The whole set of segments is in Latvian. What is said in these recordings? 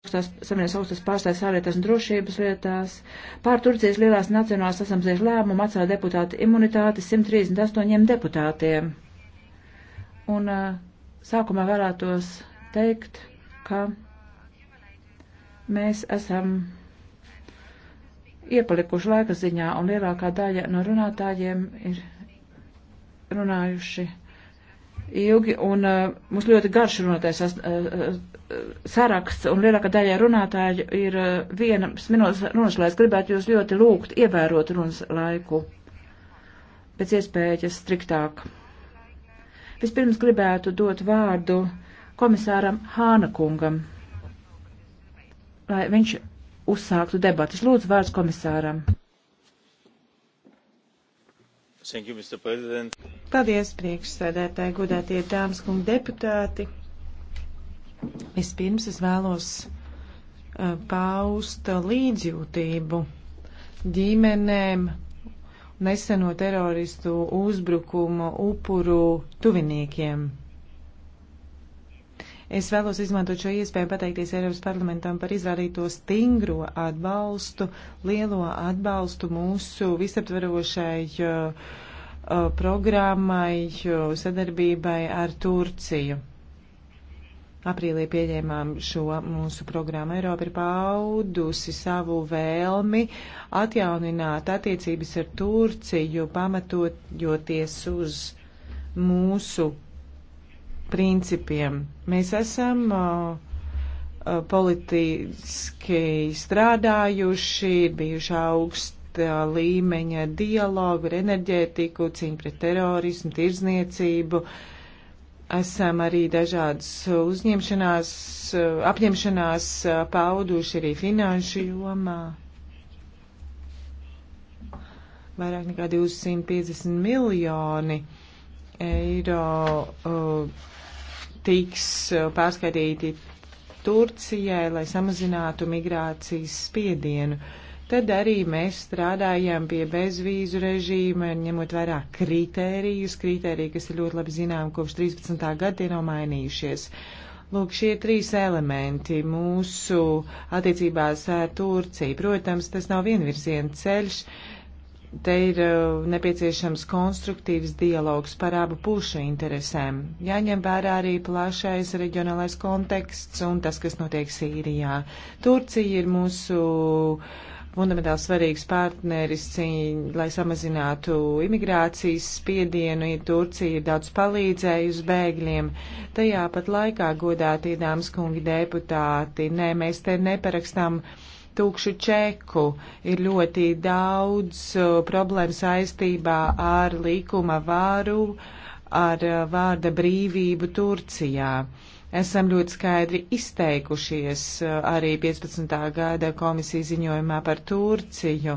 augstās, savienības augstās pārstāvis ārlietās un drošības lietās, pār Turcijas lielās nacionālās asamblēs lēmumu atcēla deputāta imunitāti 138 deputātiem. Un sākumā vēlētos teikt, ka mēs esam iepalikuši laika ziņā, un lielākā daļa no runātājiem ir runājuši ilgi, un uh, mums ļoti garš runātais uh, uh, saraksts, un lielākā daļa runātāju ir uh, vienas minūtes runas laiks. Gribētu jūs ļoti lūgt ievērot runas laiku pēc iespējas striktāk. Vispirms gribētu dot vārdu komisāram Hānakungam, lai viņš uzsāktu debatas. Lūdzu, vārds komisāram. You, Paldies, priekšsēdētāji, godētie dāmas un deputāti. Vispirms es vēlos uh, paust līdzjūtību ģimenēm neseno teroristu uzbrukumu upuru tuviniekiem. Es vēlos izmantot šo iespēju pateikties Eiropas parlamentam par izrādīto stingro atbalstu, lielo atbalstu mūsu visaptverošai uh, uh programmai uh, sadarbībai ar Turciju. Aprīlī pieņēmām šo mūsu programmu. Eiropa ir paudusi savu vēlmi atjaunināt attiecības ar Turciju, pamatojoties uz mūsu principiem. Mēs esam uh, uh, politiski strādājuši, bijuši augsta līmeņa dialogu ar enerģētiku, cīņu pret terorismu, tirdzniecību. Esam arī dažādas uzņemšanās, uh, apņemšanās pauduši arī finanšu jomā vairāk nekā 250 miljoni eiro uh, tiks uh, pārskaitīti Turcijai, lai samazinātu migrācijas spiedienu. Tad arī mēs strādājam pie bezvīzu režīma, ņemot vērā kritērijus, kritēriju, kas ir ļoti labi zinām, kopš 13. gada ir nav mainījušies. Lūk, šie trīs elementi mūsu attiecībās ar Turciju. Protams, tas nav vienvirziena ceļš. Uh, Te ir uh, nepieciešams konstruktīvs dialogs par abu pušu interesēm. Jāņem vērā arī plašais reģionālais konteksts un tas, kas notiek Sīrijā. Turcija ir mūsu fundamentāli svarīgs partneris, lai samazinātu imigrācijas spiedienu. Turcija ir daudz palīdzējusi bēgļiem. Tajā pat laikā godātie dāmas kungi deputāti. Nē, mēs te neparakstām. Uh, tūkšu čeku, ir ļoti daudz problēmu saistībā ar likuma vāru, ar vārda brīvību Turcijā. Esam ļoti skaidri izteikušies arī 15. gada komisijas ziņojumā par Turciju.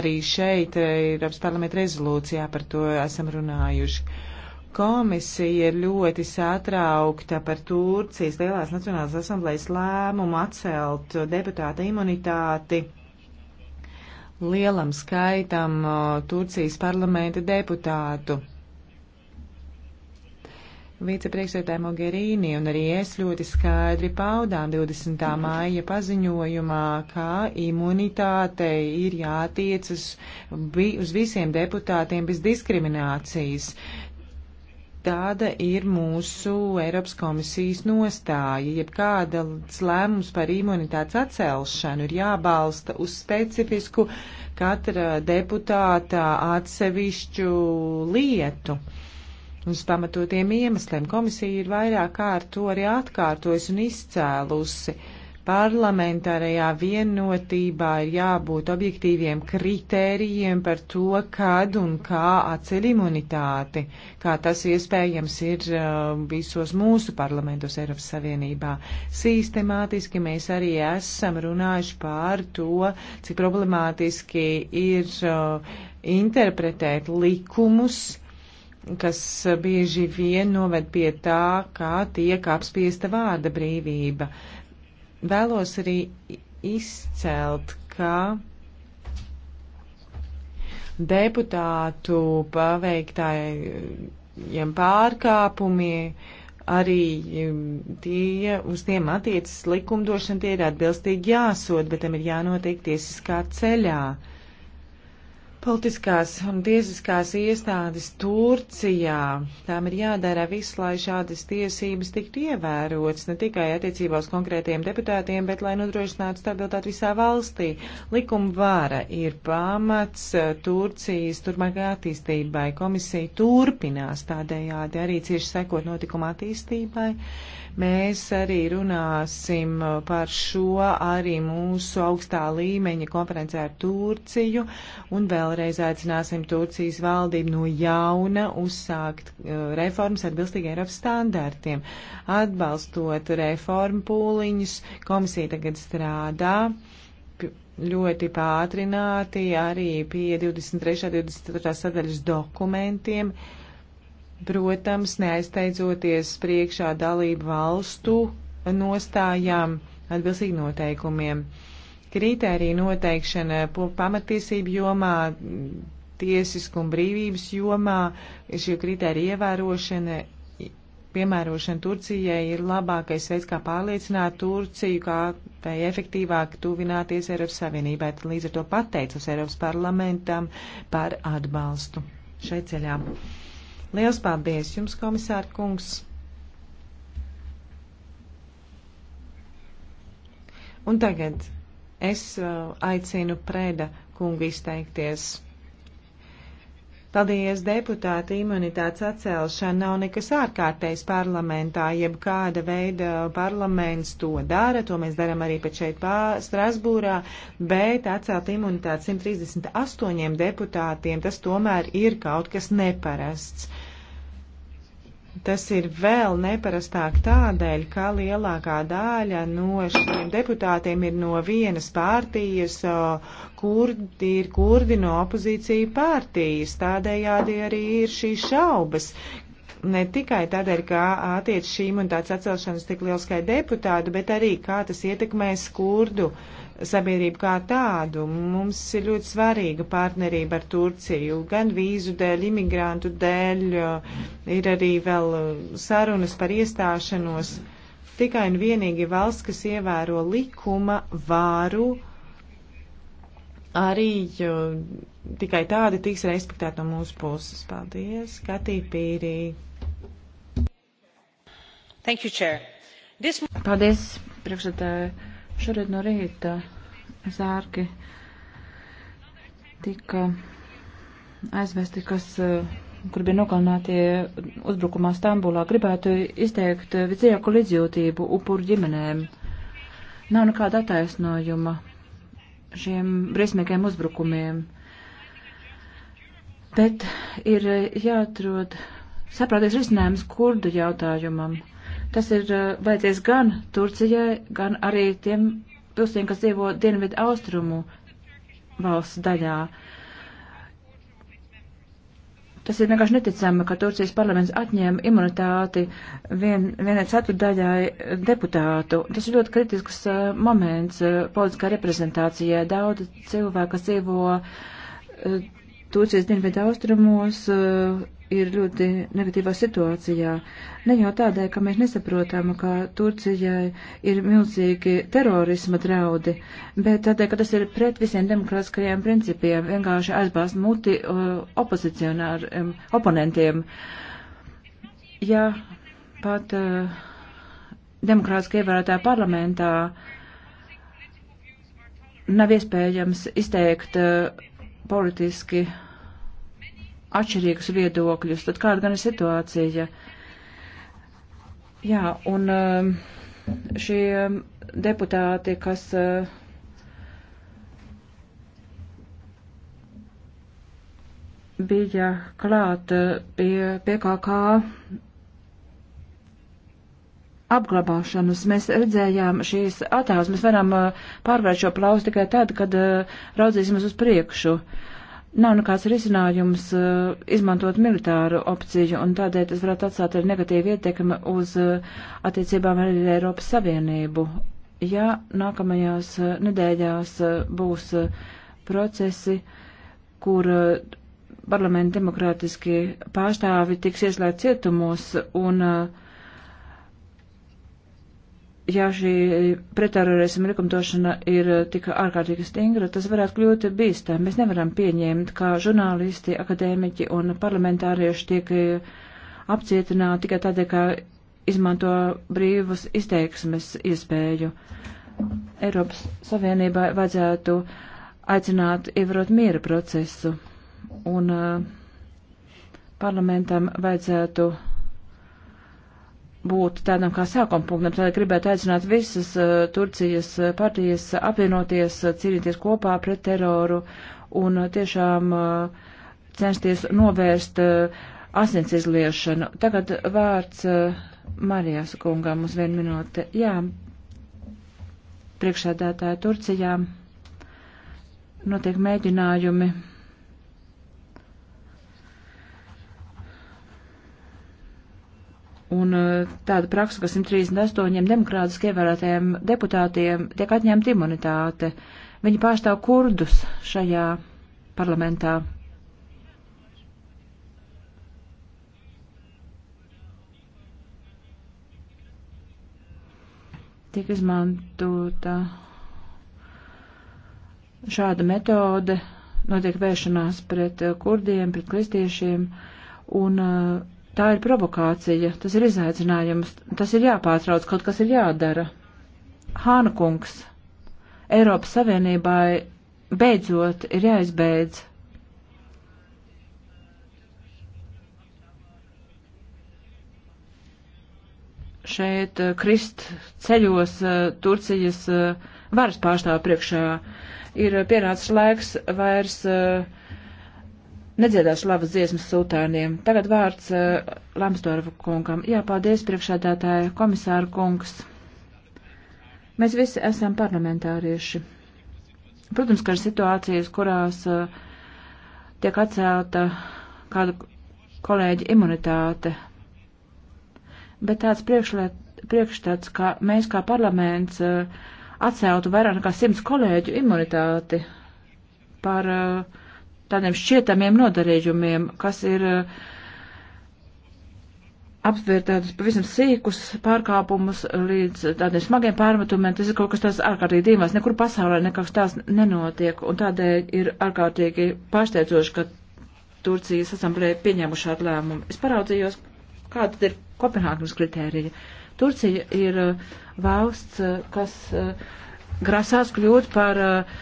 Arī šeit e, Eiropas parlamenta rezolūcijā par to esam runājuši. Komisija ir ļoti satraukta par Turcijas Lielās Nacionālās asamblējas lēmumu atcelt deputāta imunitāti lielam skaitam Turcijas parlamenta deputātu. Vicepriekšsēdētāja Mogherīni un arī es ļoti skaidri paudām 20. māja paziņojumā, ka imunitāte ir jātiecas uz visiem deputātiem bez diskriminācijas. Tāda ir mūsu Eiropas komisijas nostāja. Jebkāda lēmums par imunitātes atcelšanu ir jābalsta uz specifisku katra deputāta atsevišķu lietu. Uz pamatotiem iemesliem komisija ir vairāk kārt to arī atkārtojusi un izcēlusi. Uh, Parlamentārajā vienotībā ir jābūt objektīviem kritērijiem par to, kad un kā atceļ imunitāti, kā tas iespējams ir uh, visos mūsu parlamentos Eiropas Savienībā. Sistemātiski mēs arī esam runājuši pār to, cik problemātiski ir uh, interpretēt likumus, kas bieži vien noved pie tā, kā tiek apspiesta vārda brīvība. Uh, vēlos arī izcelt, ka deputātu paveiktājiem pārkāpumiem arī um, tie, uz tiem attiecas likumdošana, tie ir atbilstīgi jāsod, bet tam ir jānotiek tiesiskā ceļā. Uh, Politiskās un tiesiskās iestādes Turcijā. Tām ir jādara viss, lai šādas tiesības tiktu ievērotas ne tikai attiecībā uz konkrētiem deputātiem, bet lai nodrošinātu stabilitāti visā valstī. Likuma vara ir pamats eh, Turcijas turpmākajai attīstībai. Komisija turpinās tādējādi arī cieši sekot notikuma attīstībai. Mēs arī runāsim eh, par šo arī mūsu augstā līmeņa konferencē ar Turciju un vēl Vēlreiz aicināsim Turcijas valdību no jauna uzsākt uh, reformas atbilstīgi Eiropas standartiem. Atbalstot reformu pūliņus, komisija tagad strādā ļoti pātrināti arī pie 23. 24. sadaļas dokumentiem. Protams, neaizteidzoties priekšā dalību valstu nostājām atbilstīgi noteikumiem. Kritērija noteikšana pamatiesību jomā, tiesiskuma brīvības jomā, šī kritērija ievērošana piemērošana Turcijai ir labākais veids, kā pārliecināt Turciju, kā tai efektīvāk tuvināties Eiropas Savienībai. Tad līdz ar to pateicos Eiropas parlamentam par atbalstu šai ceļā. Liels paldies jums, komisāra kungs! Un tagad Es aicinu Prēda kungu izteikties. Paldies, deputāti, imunitātes atcelšana nav nekas ārkārtējs parlamentā, jeb kāda veida parlaments to dara, to mēs daram arī pat šeit pā, Strasbūrā, bet atcelt imunitāti 138 deputātiem, tas tomēr ir kaut kas neparasts. Tas ir vēl neparastāk tādēļ, ka lielākā daļa no šiem deputātiem ir no vienas pārtījas, kurdi ir kurdi no opozīcija pārtījas. Tādējādi arī ir šīs šaubas. Ne tikai tādēļ, kā attiec šī imunitātes atcelšanas tik lielskai deputātu, bet arī kā tas ietekmēs kurdu uh, sabiedrību kā tādu. Mums ir ļoti svarīga partnerība ar Turciju, gan vīzu dēļ, imigrantu dēļ, ir arī vēl sarunas par iestāšanos. Tikai un vienīgi valsts, kas ievēro likuma vāru, arī jo, tikai tādi tiks respektēti no mūsu puses. Paldies, Katī Pīrī. Thank you, Chair. This... Paldies, priekšsēdētāji. Šorīt no rīta zārki tika aizvesti, kas, eh, kur bija nokalnātie uzbrukumā Stambulā, gribētu izteikt eh, visdziļāko līdzjūtību upuru ģimenēm. Nav nekāda attaisnojuma šiem briesmīgiem uzbrukumiem, bet ir eh, jāatrod saprātīgs risinājums kurdu jautājumam. Tas ir eh, vajadzīgs gan Turcijai, gan arī tiem pilsēm, kas dzīvo dienvidu austrumu valsts daļā. Tas ir vienkārši neticami, ka Turcijas parlaments atņēma imunitāti vien, vienai ceturdaļai deputātu. Tas ir ļoti kritisks uh, moments uh, politiskā reprezentācijā. Daudz cilvēku, kas dzīvo uh, Turcijas dienvidu austrumos, uh, ir ļoti negatīvā situācijā. Ne jau tādēļ, ka mēs nesaprotam, ka Turcijai ir milzīgi terorisma draudi, bet tādēļ, ka tas ir pret visiem demokrātiskajiem principiem, vienkārši aizbāzt muti opozicionāriem, oponentiem. Ja pat uh, demokrātiski ievērotā parlamentā nav iespējams izteikt uh, politiski uh, atšķirīgus viedokļus, tad kāda gan ir situācija? Jā, un um, šie deputāti, kas uh, bija klāt uh, pie PKK apglabāšanas. Mēs redzējām šīs attēlus, mēs varam uh, pārvērt šo plausu tikai tad, kad raudzīsimies uz priekšu. Uh, nav nekāds risinājums uh, izmantot militāru opciju, un tādēļ tas varētu atstāt arī negatīvu ietekmi uz uh, attiecībām ar Eiropas Savienību. Ja nākamajās uh, nedēļās uh, būs uh, procesi, kur uh, parlamenta demokrātiski pārstāvi tiks ieslēgt cietumos un uh, ja šī pretterorisma likumdošana ir eh, tik ārkārtīgi stingra, tas varētu kļūt bīstami. Mēs nevaram pieņemt, ka žurnālisti, akadēmiķi un parlamentārieši tiek eh, apcietināti tikai tādēļ, ka izmanto brīvus izteiksmes iespēju. Eiropas Savienībai vajadzētu aicināt ievarot miera procesu un uh, parlamentam vajadzētu būtu tādam kā sākuma punktam. Tādēļ gribētu aicināt visas uh, Turcijas eh, partijas apvienoties, uh, cīnīties kopā pret teroru un uh, tiešām uh, censties novērst uh, asins izliešanu. Tagad vārds uh, Marijas kungam uz vienu minūti. Jā, priekšsēdētāja Turcijā notiek mēģinājumi Un e, tāda praksa, ka 138 demokrātiski ievēlētajiem deputātiem tiek atņemta imunitāte. Viņi pārstāv kurdus šajā parlamentā. Tiek izmantota šāda metode, notiek vēršanās pret kurdiem, pret kristiešiem, un uh, Tā ir provokācija, tas ir izaicinājums, tas ir jāpārtrauc, kaut kas ir jādara. Hāna kungs, Eiropas Savienībai beidzot ir jāizbeidz. Šeit eh, krist ceļos eh, Turcijas eh, varas pārstāvu priekšā ir pienācis laiks vairs uh, nedziedāšu labas dziesmas sultāniem. Tagad vārds uh, eh, Lamsdorfa kungam. Jā, paldies priekšādātāja komisāra kungs. Mēs visi esam parlamentārieši. Protams, ka ir situācijas, kurās uh, tiek atcelta kādu kolēģi imunitāte. Bet tāds priekšstats, ka mēs kā parlaments uh, atceltu vairāk nekā simts kolēģu imunitāti par uh, tādiem šķietamiem nodarījumiem, kas ir eh, aptvērt tādus pavisam sīkus pārkāpumus līdz tādiem smagiem pārmetumiem. Tas ir kaut kas tāds ārkārtīgi dīvains. Nekur pasaulē nekas tāds nenotiek, un tādēļ ir ārkārtīgi pārsteidzoši, ka Turcijas asamblēja pieņēmuši šādu lēmumu. Es paraudzījos, kāda ir Kopenhāgenes kritērija. Turcija ir eh, valsts, eh, kas grasās kļūt par uh,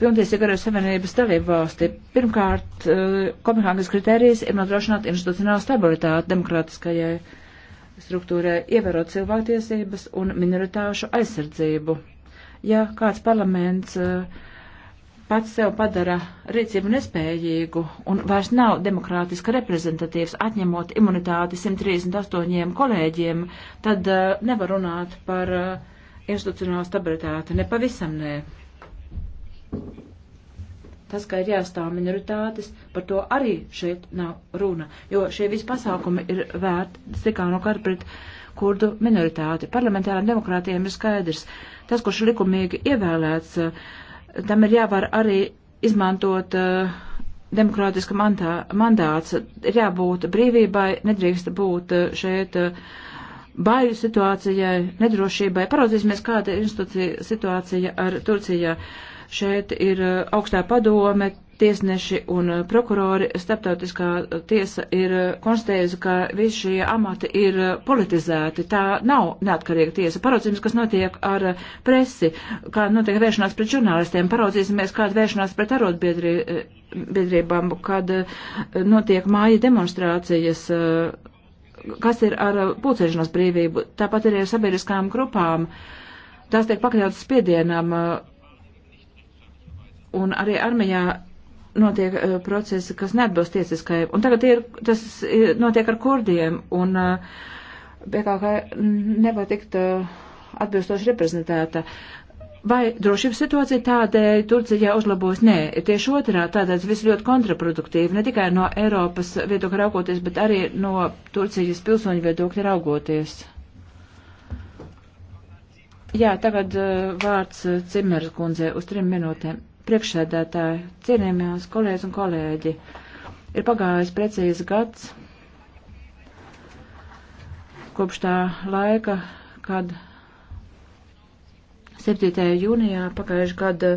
pilntiesīga Eiropas Savienības dalība valsti. Pirmkārt, eh, Kopenhāgas kritērijas ir nodrošināt institucionālu stabilitāti demokrātiskajai struktūrai, ievērot cilvēktiesības un minoritāšu aizsardzību. Ja kāds parlaments eh, pats sev padara rīcību nespējīgu un vairs nav demokrātiski reprezentatīvs, atņemot imunitāti 138 kolēģiem, tad eh, nevar runāt par institucionālu stabilitāti. Nepavisam nē. Ne tas, ka ir jāstāv minoritātes, par to arī šeit nav runa, jo šie visi pasākumi ir vērti tikā no kara pret kurdu minoritāti. Parlamentārā demokrātiem ir skaidrs, tas, kurš likumīgi ievēlēts, eh, tam ir jāvar arī izmantot uh, demokrātiska mantā, mandāts, ir jābūt brīvībai, nedrīkst būt uh, šeit. Uh, baiļu situācijai, nedrošībai. Paraudzīsimies, kāda ir situācija ar Turcijā. Uh, Šeit ir e, augstā padome, tiesneši un e, prokurori. Starptautiskā tiesa ir e, konstatējusi, ka visi šie amati ir politizēti. Tā nav neatkarīga tiesa. Paraudzījums, kas notiek ar presi, kā notiek vēršanās pret žurnālistiem, paraudzīsimies, kāda vēršanās pret arotbiedrībām, kad notiek māja demonstrācijas kas ir ar pulcēšanās brīvību, tāpat arī ar sabiedriskām grupām. Tās tiek pakļautas spiedienam, un arī armijā notiek uh, procesi, kas neatbilst tiesiskajai. Un tagad ir, tas ir, notiek ar kurdiem, un uh, eh, PKK nevar tikt uh, atbilstoši reprezentēta. Vai drošības situācija tādēļ Turcijā uzlabos? Nē, tieši otrā tādēļ viss ļoti kontraproduktīvi, ne tikai no Eiropas viedokļa raugoties, bet arī no Turcijas pilsoņu viedokļa raugoties. Jā, tagad uh, vārds Cimeras kundzei uz trim minūtēm priekšsēdētāji, cienījamās kolēģis un kolēģi. Ir pagājis precīzi gads kopš tā laika, kad 7. jūnijā pagājuši gada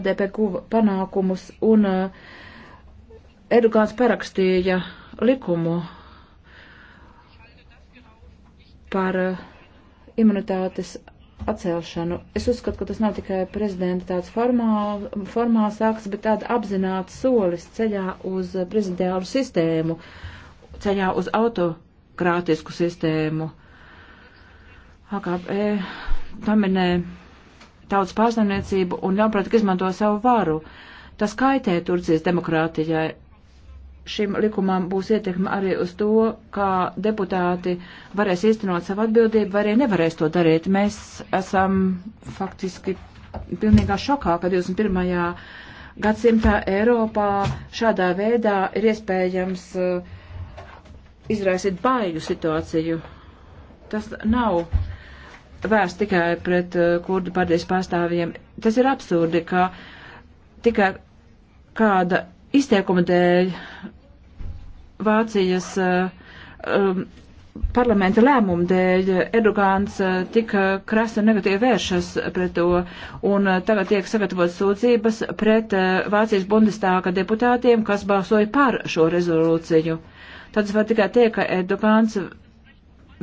ADP guva panākumus un uh, Erdogans parakstīja likumu par uh, imunitātes atcelšanu. Es uzskatu, ka tas nav tikai prezidenta tāds formāls, formāls akts, bet tāda apzināta solis ceļā uz prezidiālu sistēmu, ceļā uz autokrātisku sistēmu. AKP dominē tautas pārstāvniecību un ļaunprātīgi izmanto savu varu. Tas kaitē Turcijas demokrātijai šim likumam būs ietekme arī uz to, kā deputāti varēs īstenot savu atbildību, vai arī nevarēs to darīt. Mēs esam faktiski pilnīgā šokā, ka 21. gadsimtā Eiropā šādā veidā ir iespējams uh, izraisīt baigu situāciju. Tas nav vērsts tikai pret uh, kurdu pārdies pārstāvjiem. Tas ir absurdi, ka tikai kāda izteikuma dēļ Vācijas eh, um, parlamenta lēmumu dēļ Erdogans eh, tika krasa negatīvi vēršas pret to, un eh, tagad tiek sagatavot sūdzības pret Vācijas bundestāka deputātiem, kas balsoja par šo rezolūciju. Tad var tikai teikt, ka Erdogans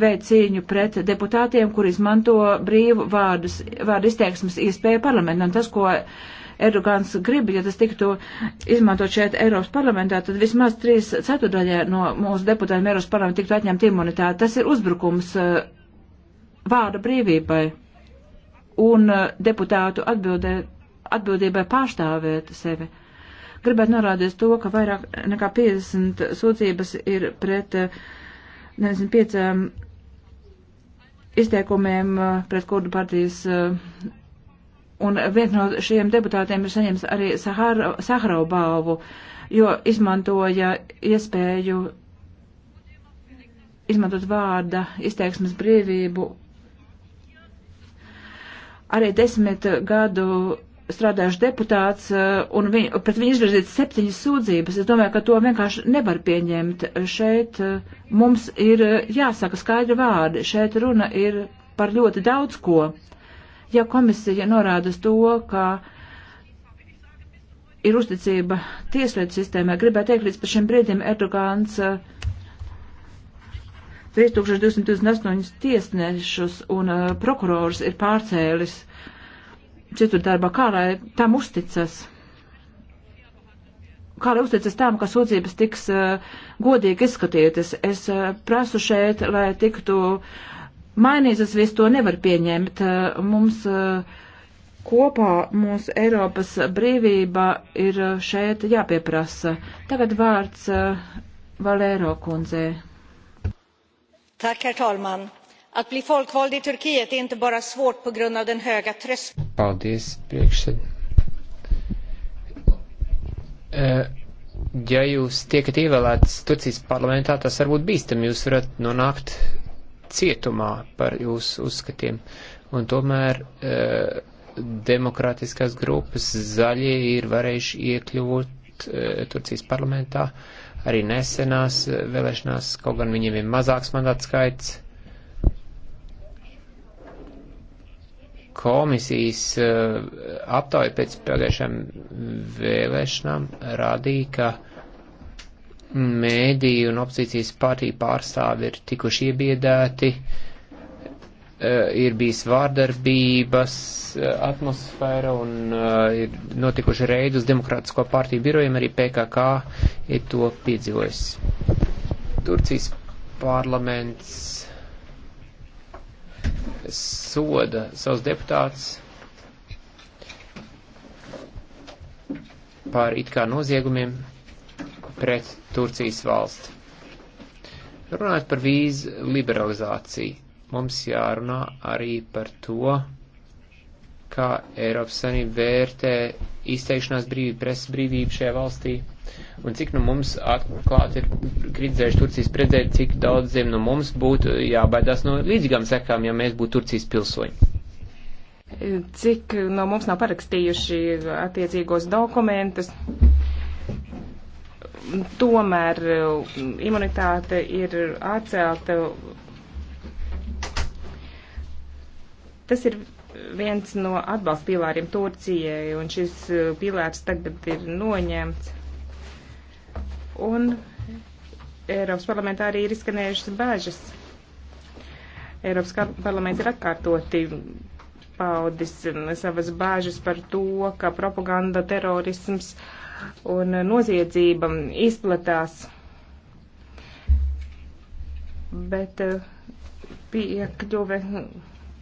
veic cīņu pret deputātiem, kur izmanto brīvu vārdus, vārdu izteiksmes iespēju parlamentam. Tas, ko Erdogans grib, ja tas tiktu izmantot šeit Eiropas parlamentā, tad vismaz trīs ceturdaļā no mūsu deputātiem Eiropas parlamentā tiktu atņemt imunitāti. Tas ir uzbrukums eh, vārda brīvībai un eh, deputātu atbildē, atbildībai pārstāvēt sevi. Gribētu norādīt to, ka vairāk nekā 50 sūdzības ir pret 95 eh, izteikumiem pret kurdu partijas un viens no šiem deputātiem ir saņēmis arī Saharau balvu, jo izmantoja iespēju izmantot vārda izteiksmes brīvību. Arī desmit gadu strādājuši deputāts, uh, un viņ, pret viņu izvirzīt septiņas sūdzības. Es domāju, ka to vienkārši nevar pieņemt. Šeit uh, mums ir uh, jāsaka skaidri vārdi. Šeit runa ir par ļoti daudz ko. Ja komisija norāda uz to, ka ir uzticība tieslietu sistēmai, gribētu teikt, līdz par šim brīdim Erdogans 3228 eh, tiesnešus un eh, prokurors ir pārcēlis citur darbā, kā lai tam uzticas kā lai uzticas tām, ka sūdzības tiks uh, godīgi izskatītas. Es uh, prasu šeit, lai tiktu uh, mainīt, es visu to nevar pieņemt. Eh, mums eh, kopā mūsu Eiropas brīvība ir eh, šeit jāpieprasa. Tagad vārds Valēro kundzē. Tak, herr talman. Att bli folkvald i Turkiet är inte bara svårt på grund av den höga tröskeln. Paldies, priekšsēd. Ja jūs tiekat ievēlēts Turcijas parlamentā, tas varbūt bīstam, jūs varat nonākt cietumā par jūsu uzskatiem. Un tomēr e, demokrātiskās grupas zaļie ir varējuši iekļūt e, Turcijas parlamentā arī nesenās e, vēlēšanās, kaut gan viņiem ir mazāks mandāts skaits. Komisijas e, aptauja pēc pagājušām vēlēšanām rādīja, ka mēdīju un opozīcijas partiju pārstāvi ir tikuši iebiedēti, eh, ir bijis vārdarbības eh, atmosfēra un eh, ir notikuši reidi uz Demokrātisko partiju birojiem, arī PKK ir to piedzīvojis. Turcijas parlaments soda savus deputātus par it kā noziegumiem, pret Turcijas valsti. Runājot par vīzu liberalizāciju, mums jārunā arī par to, kā Eiropas Savienība vērtē izteikšanās brīvību, presas brīvību šajā valstī, un cik nu mums atklāti ir kritizējuši Turcijas predzēt, cik daudziem nu mums būtu jābaidās no līdzīgām sekām, ja mēs būtu Turcijas pilsoņi. Cik no mums nav parakstījuši attiecīgos dokumentus? tomēr um, imunitāte ir atcelta. Tas ir viens no atbalsta pīlāriem Turcijai, un šis uh, pīlārs tagad ir noņemts. Un Eiropas parlamentā arī ir izskanējušas bāžas. Eiropas parlaments ir atkārtoti paudis um, savas bāžas par to, ka propaganda, terorisms uh, un noziedzība izplatās. Bet eh, piekļuve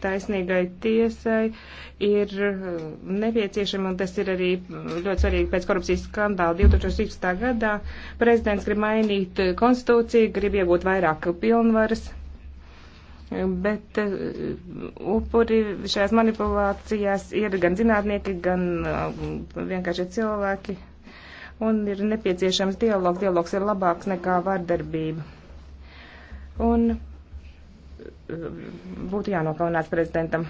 taisnīgai tiesai ir eh, nepieciešama, un tas ir arī ļoti svarīgi pēc korupcijas skandāla 2016. gadā. Prezidents grib mainīt eh, konstitūciju, grib iegūt vairāk pilnvaras, bet upuri šajās manipulācijās ir gan zinātnieki, gan vienkārši cilvēki un ir nepieciešams dialogs. Dialogs ir labāks nekā vardarbība. Un uh, būtu jānokaunāts prezidentam.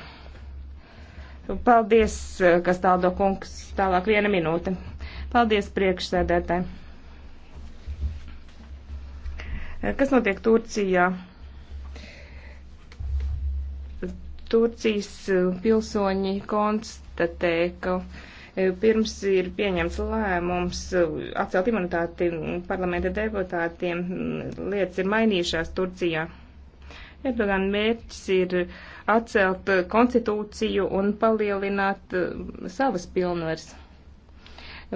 Paldies, uh, kas tāldo kungs. Tālāk viena minūte. Paldies priekšsēdētāji. Uh, kas notiek Turcijā? Turcijas pilsoņi konstatē, ka E, pirms ir pieņemts lēmums e, atcelt imunitāti parlamenta deputātiem, lietas ir mainījušās Turcijā. Erdogan mērķis ir atcelt konstitūciju un palielināt e, savas pilnvars.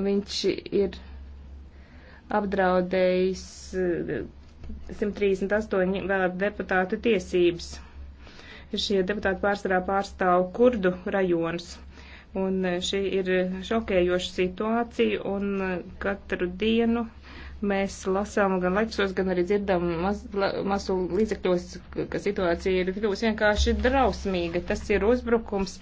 Viņš ir apdraudējis 138 vēlētu deputātu tiesības. Šie deputāti pārsvarā pārstāv kurdu rajonus Un eh, šī ir šokējoša situācija, un eh, katru dienu mēs lasām gan laiksos, gan arī dzirdam maz, la, masu līdzekļos, ka situācija ir kļuvusi vienkārši drausmīga. Tas ir uzbrukums,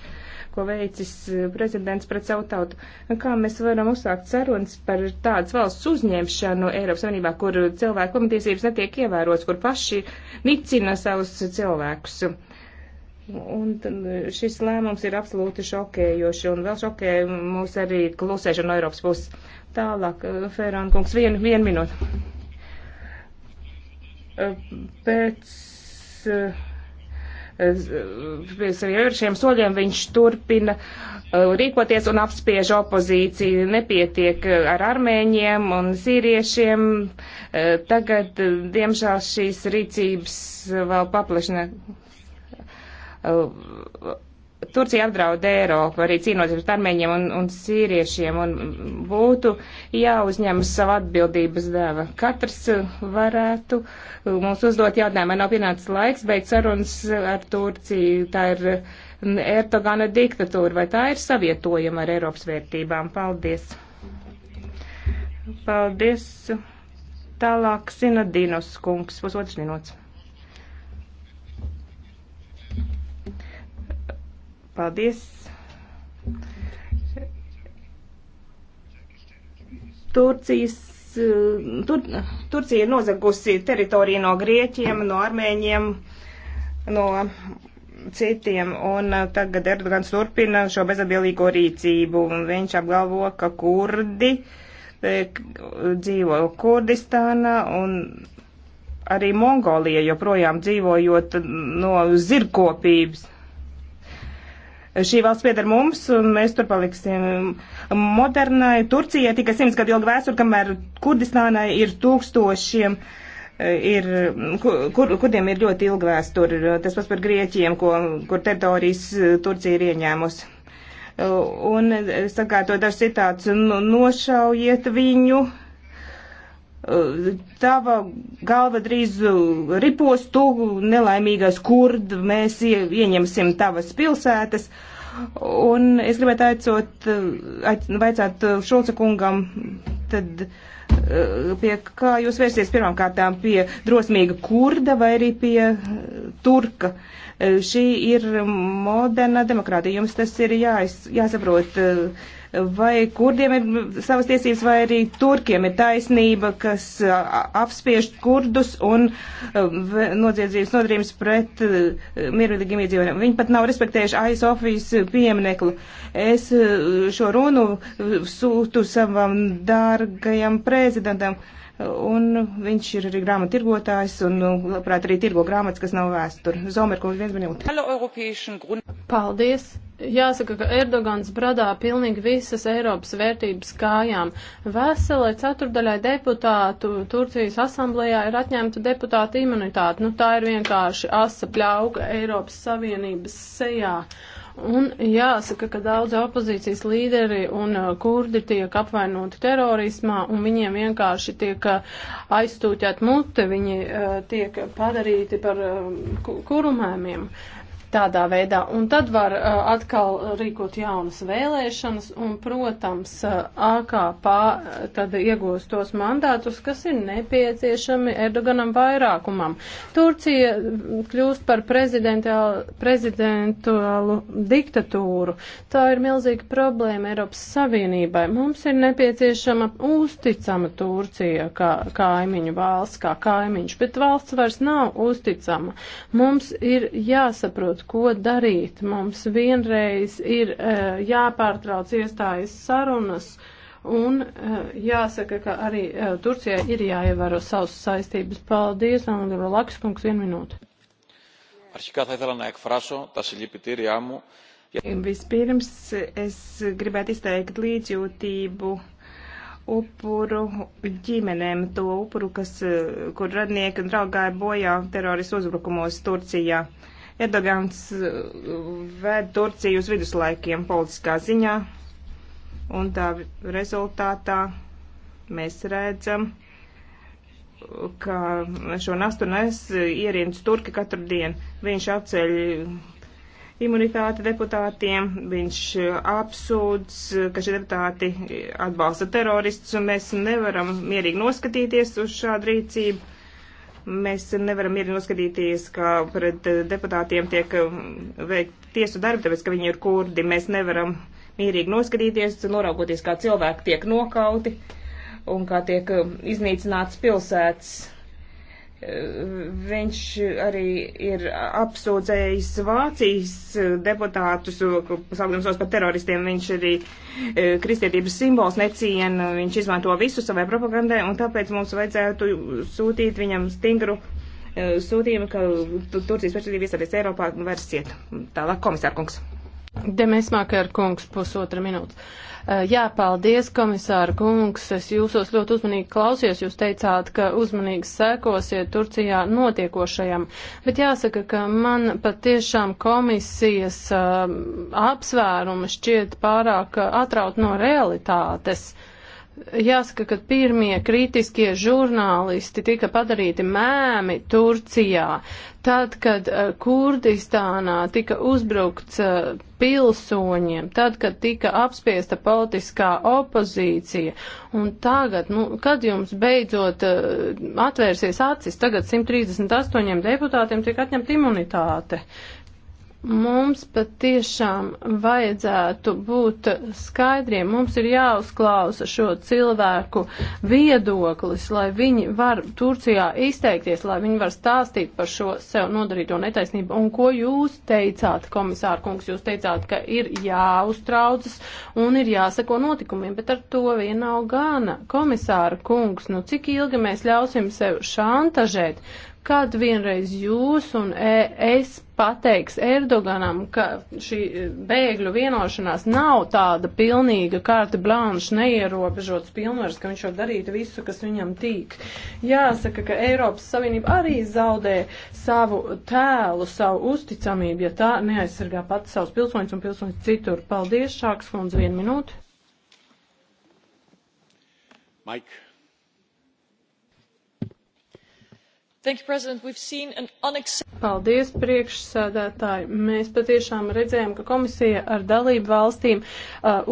ko veicis eh, prezidents pret savu tautu. Kā mēs varam uzsākt sarunas par tādas valsts uzņemšanu Eiropas Savienībā, kur cilvēku pamatiesības netiek ievērots, kur paši nicina savus cilvēkus? Uh, Un šis lēmums ir absolūti šokējoši, un vēl šokē mūs arī klusēšana no Eiropas puses. Tālāk, eh, Fērāna kungs, vienu, vienu minūtu. Eh, pēc saviem eh, soļiem viņš turpina rīkoties un apspiež opozīciju. Nepietiek ar armēņiem un sīriešiem. Tagad, diemžēl, šīs rīcības vēl paplašina. Uh, Turcija apdraud Eiropu, arī cīnoties pret armēņiem un, un sīriešiem, un būtu jāuzņemas savu atbildības deva. Katrs uh, varētu uh, mums uzdot jautājumu, vai nav pienācis laiks beigt sarunas ar Turciju, tā ir Erdogana diktatūra, vai tā ir savietojama ar Eiropas vērtībām. Paldies! Paldies! Tālāk Sinadinos kungs, pusotrs minūtes. Paldies. Turcijas, tur, Turcija ir nozagusi teritoriju no grieķiem, no armēņiem, no citiem, un tagad Erdogans turpina šo bezatbildīgo rīcību. Viņš apgalvo, ka kurdi e, dzīvo Kurdistānā un arī Mongolija joprojām dzīvojot no zirkopības šī valsts pieder mums, un mēs tur paliksim modernai. Turcija tika simts gadu ilga vēsture, kamēr Kurdistānai ir tūkstošiem. Ir, kur, kuriem ir ļoti ilga vēsture, tas pats par Grieķiem, ko, kur teritorijas Turcija ir ieņēmusi. Un, sakārtot dažs citāts, nu, nošaujiet viņu, tava galva drīz ripos, tu nelaimīgais kurd, mēs ieņemsim tavas pilsētas. Un es gribētu aicot, vaicāt Šulca kungam, tad eh, pie kā jūs vērsties pirmām kārtām pie drosmīga kurda vai arī pie eh, turka? Eh, šī ir moderna demokrātija, jums tas ir jā, jāsaprot. Uh, vai kurdiem ir savas tiesības, vai arī turkiem ir taisnība, kas apspiež kurdus un um, nodziedzības nodarījums pret uh, mierīgiem iedzīvotājiem. Viņi pat nav respektējuši AI Sofijas pieminekli. Es uh, šo runu uh, sūtu savam dārgajam prezidentam un viņš ir arī grāmatirgotājs un, nu, labprāt, arī tirgo grāmatas, kas nav vēstur. Zomerkungs, viens minūte. Paldies! Jāsaka, ka Erdogans bradā pilnīgi visas Eiropas vērtības kājām. Veselai ceturdaļai deputātu Turcijas asamblējā ir atņemta deputāta imunitāte. Nu, tā ir vienkārši asa pļauka Eiropas Savienības sejā. Uh, Un jāsaka, ka daudz opozīcijas līderi un uh, kurdi tiek apvainoti terorismā un viņiem vienkārši tiek uh, aizstūķēt mute, viņi uh, tiek padarīti par kurumēmiem tādā veidā. Un tad var uh, atkal rīkot jaunas vēlēšanas, un, protams, uh, AKP tad iegūs tos mandātus, kas ir nepieciešami Erdoganam vairākumam. Turcija kļūst par prezidentuālu diktatūru. Tā ir milzīga problēma Eiropas Savienībai. Mums ir nepieciešama uzticama Turcija kā kaimiņu valsts, kā kaimiņš, bet valsts vairs nav uzticama. Mums ir jāsaprot, kaut ko darīt. Mums vienreiz ir uh, jāpārtrauc iestājas sarunas. Un uh, jāsaka, ka arī uh, Turcijai ir jāievēro savas saistības. Paldies, Angela Lakskungs, vienu minūtu. Αρχικά θα ήθελα να εκφράσω τα συλληπιτήριά μου. Vispirms es gribētu izteikt līdzjūtību upuru ģimenēm, to upuru, kas, kur radnieki un draugi gāja bojā teroristu uzbrukumos Turcijā. Uh, Erdogans eh, ved Turciju uz viduslaikiem politiskā ziņā, un tā rezultātā mēs redzam, ka šo nastu nes ierindus turki katru dienu. Viņš atceļ imunitāti deputātiem, viņš apsūdz, ka šie deputāti atbalsta teroristus, un mēs nevaram mierīgi noskatīties uz šādu rīcību Mēs nevaram mierīgi noskatīties, ka pret eh, deputātiem tiek um, veikt tiesu darbi, tāpēc, ka viņi ir kurdi. Mēs nevaram mierīgi noskatīties, noraugoties, kā cilvēki tiek nokauti un kā tiek um, iznīcināts pilsētas Viņš arī ir apsūdzējis Vācijas deputātus, saukdamsos par teroristiem. Viņš arī e, kristietības simbols neciena, viņš izmanto visu savai propagandai, un tāpēc mums vajadzētu sūtīt viņam stingru e, sūtījumu, ka Turcijas perspektīva iestāties Eiropā vairs ciet. Tālāk komisārkungs. Demēsmākar kungs, pusotra minūte. Eh, jā, paldies, komisāra kungs. Es jūsos ļoti uzmanīgi klausies. Jūs teicāt, ka uzmanīgi sekosiet Turcijā notiekošajam. Bet jāsaka, ka man patiešām komisijas uh, apsvērumi šķiet pārāk eh, atraut no realitātes. Uh, Jāsaka, ka pirmie kritiskie žurnālisti tika padarīti mēmi Turcijā. Tad, kad eh, Kurdistānā tika uzbrukts eh, pilsoņiem, tad, kad tika apspiesta politiskā opozīcija, un tagad, nu, kad jums beidzot eh, atvērsies acis, tagad 138 deputātiem tiek atņemta imunitāte. Mums patiešām vajadzētu būt skaidriem, mums ir jāuzklausa šo cilvēku viedoklis, lai viņi var Turcijā izteikties, lai viņi var stāstīt par šo sev nodarīto netaisnību. Un ko jūs teicāt, komisāra kungs, jūs teicāt, ka ir jāuztraucas un ir jāsako notikumiem, bet ar to vien nav gana. Komisāra kungs, nu cik ilgi mēs ļausim sev šantažēt? Kad vienreiz jūs un e, es pateiks Erdoganam, ka šī e, bēgļu vienošanās nav tāda pilnīga kārta blanša, neierobežots pilnvars, ka viņš var darīt visu, kas viņam tīk. Jāsaka, ka Eiropas Savienība arī zaudē savu tēlu, savu uzticamību, ja tā neaizsargā pats savus pilsoņus un pilsoņus citur. Paldies, Šāks, kundze, vienu minūtu. Mike. Paldies, priekšsēdētāji. Mēs patiešām redzējām, ka komisija ar dalību valstīm uh,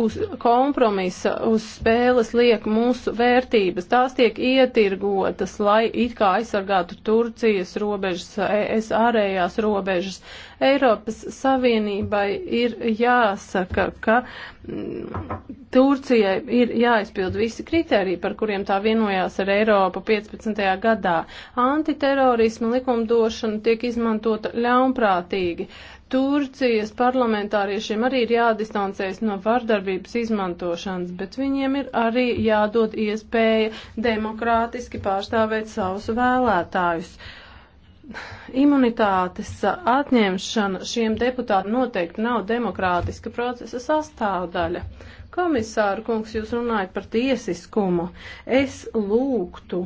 uz kompromisa, uz spēles liek mūsu vērtības. Tās tiek ietirgotas, lai it kā aizsargātu Turcijas robežas, ES ārējās robežas. Uh, Eiropas Savienībai ir jāsaka, ka mm, Turcijai ir jāizpild visi kriteriji, par kuriem tā vienojās ar Eiropu 15. gadā. Antiterorisma likumdošana tiek izmantota ļaunprātīgi. Turcijas parlamentāriešiem arī ir jādistancējas no vardarbības izmantošanas, bet viņiem ir arī jādod iespēja demokrātiski pārstāvēt savus vēlētājus. Uh, imunitātes atņemšana šiem deputātiem noteikti nav demokrātiska procesa sastāvdaļa. Komisāra kungs, jūs runājat par tiesiskumu. Es lūgtu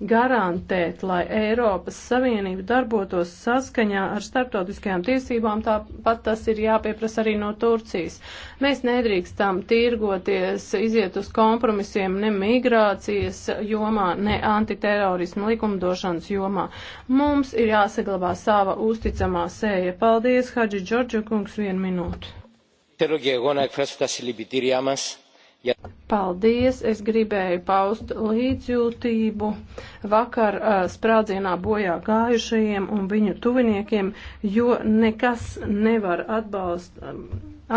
garantēt, lai Eiropas Savienība darbotos saskaņā ar starptautiskajām tiesībām, tāpat tas ir jāpieprasa arī no Turcijas. Mēs nedrīkstam tirgoties, iziet uz kompromisiem ne migrācijas jomā, ne antiterorismu likumdošanas jomā. Mums ir jāsaglabā sava uzticamā sēja. Paldies, Hadži Džordžu kungs, vienu minūtu. Θέλω και εγώ να εκφράσω τα συλληπιτήριά μας Ja. Paldies, es gribēju paust līdzjūtību vakar uh, sprādzienā bojā gājušajiem un viņu tuviniekiem, jo nekas nevar atbalst, um,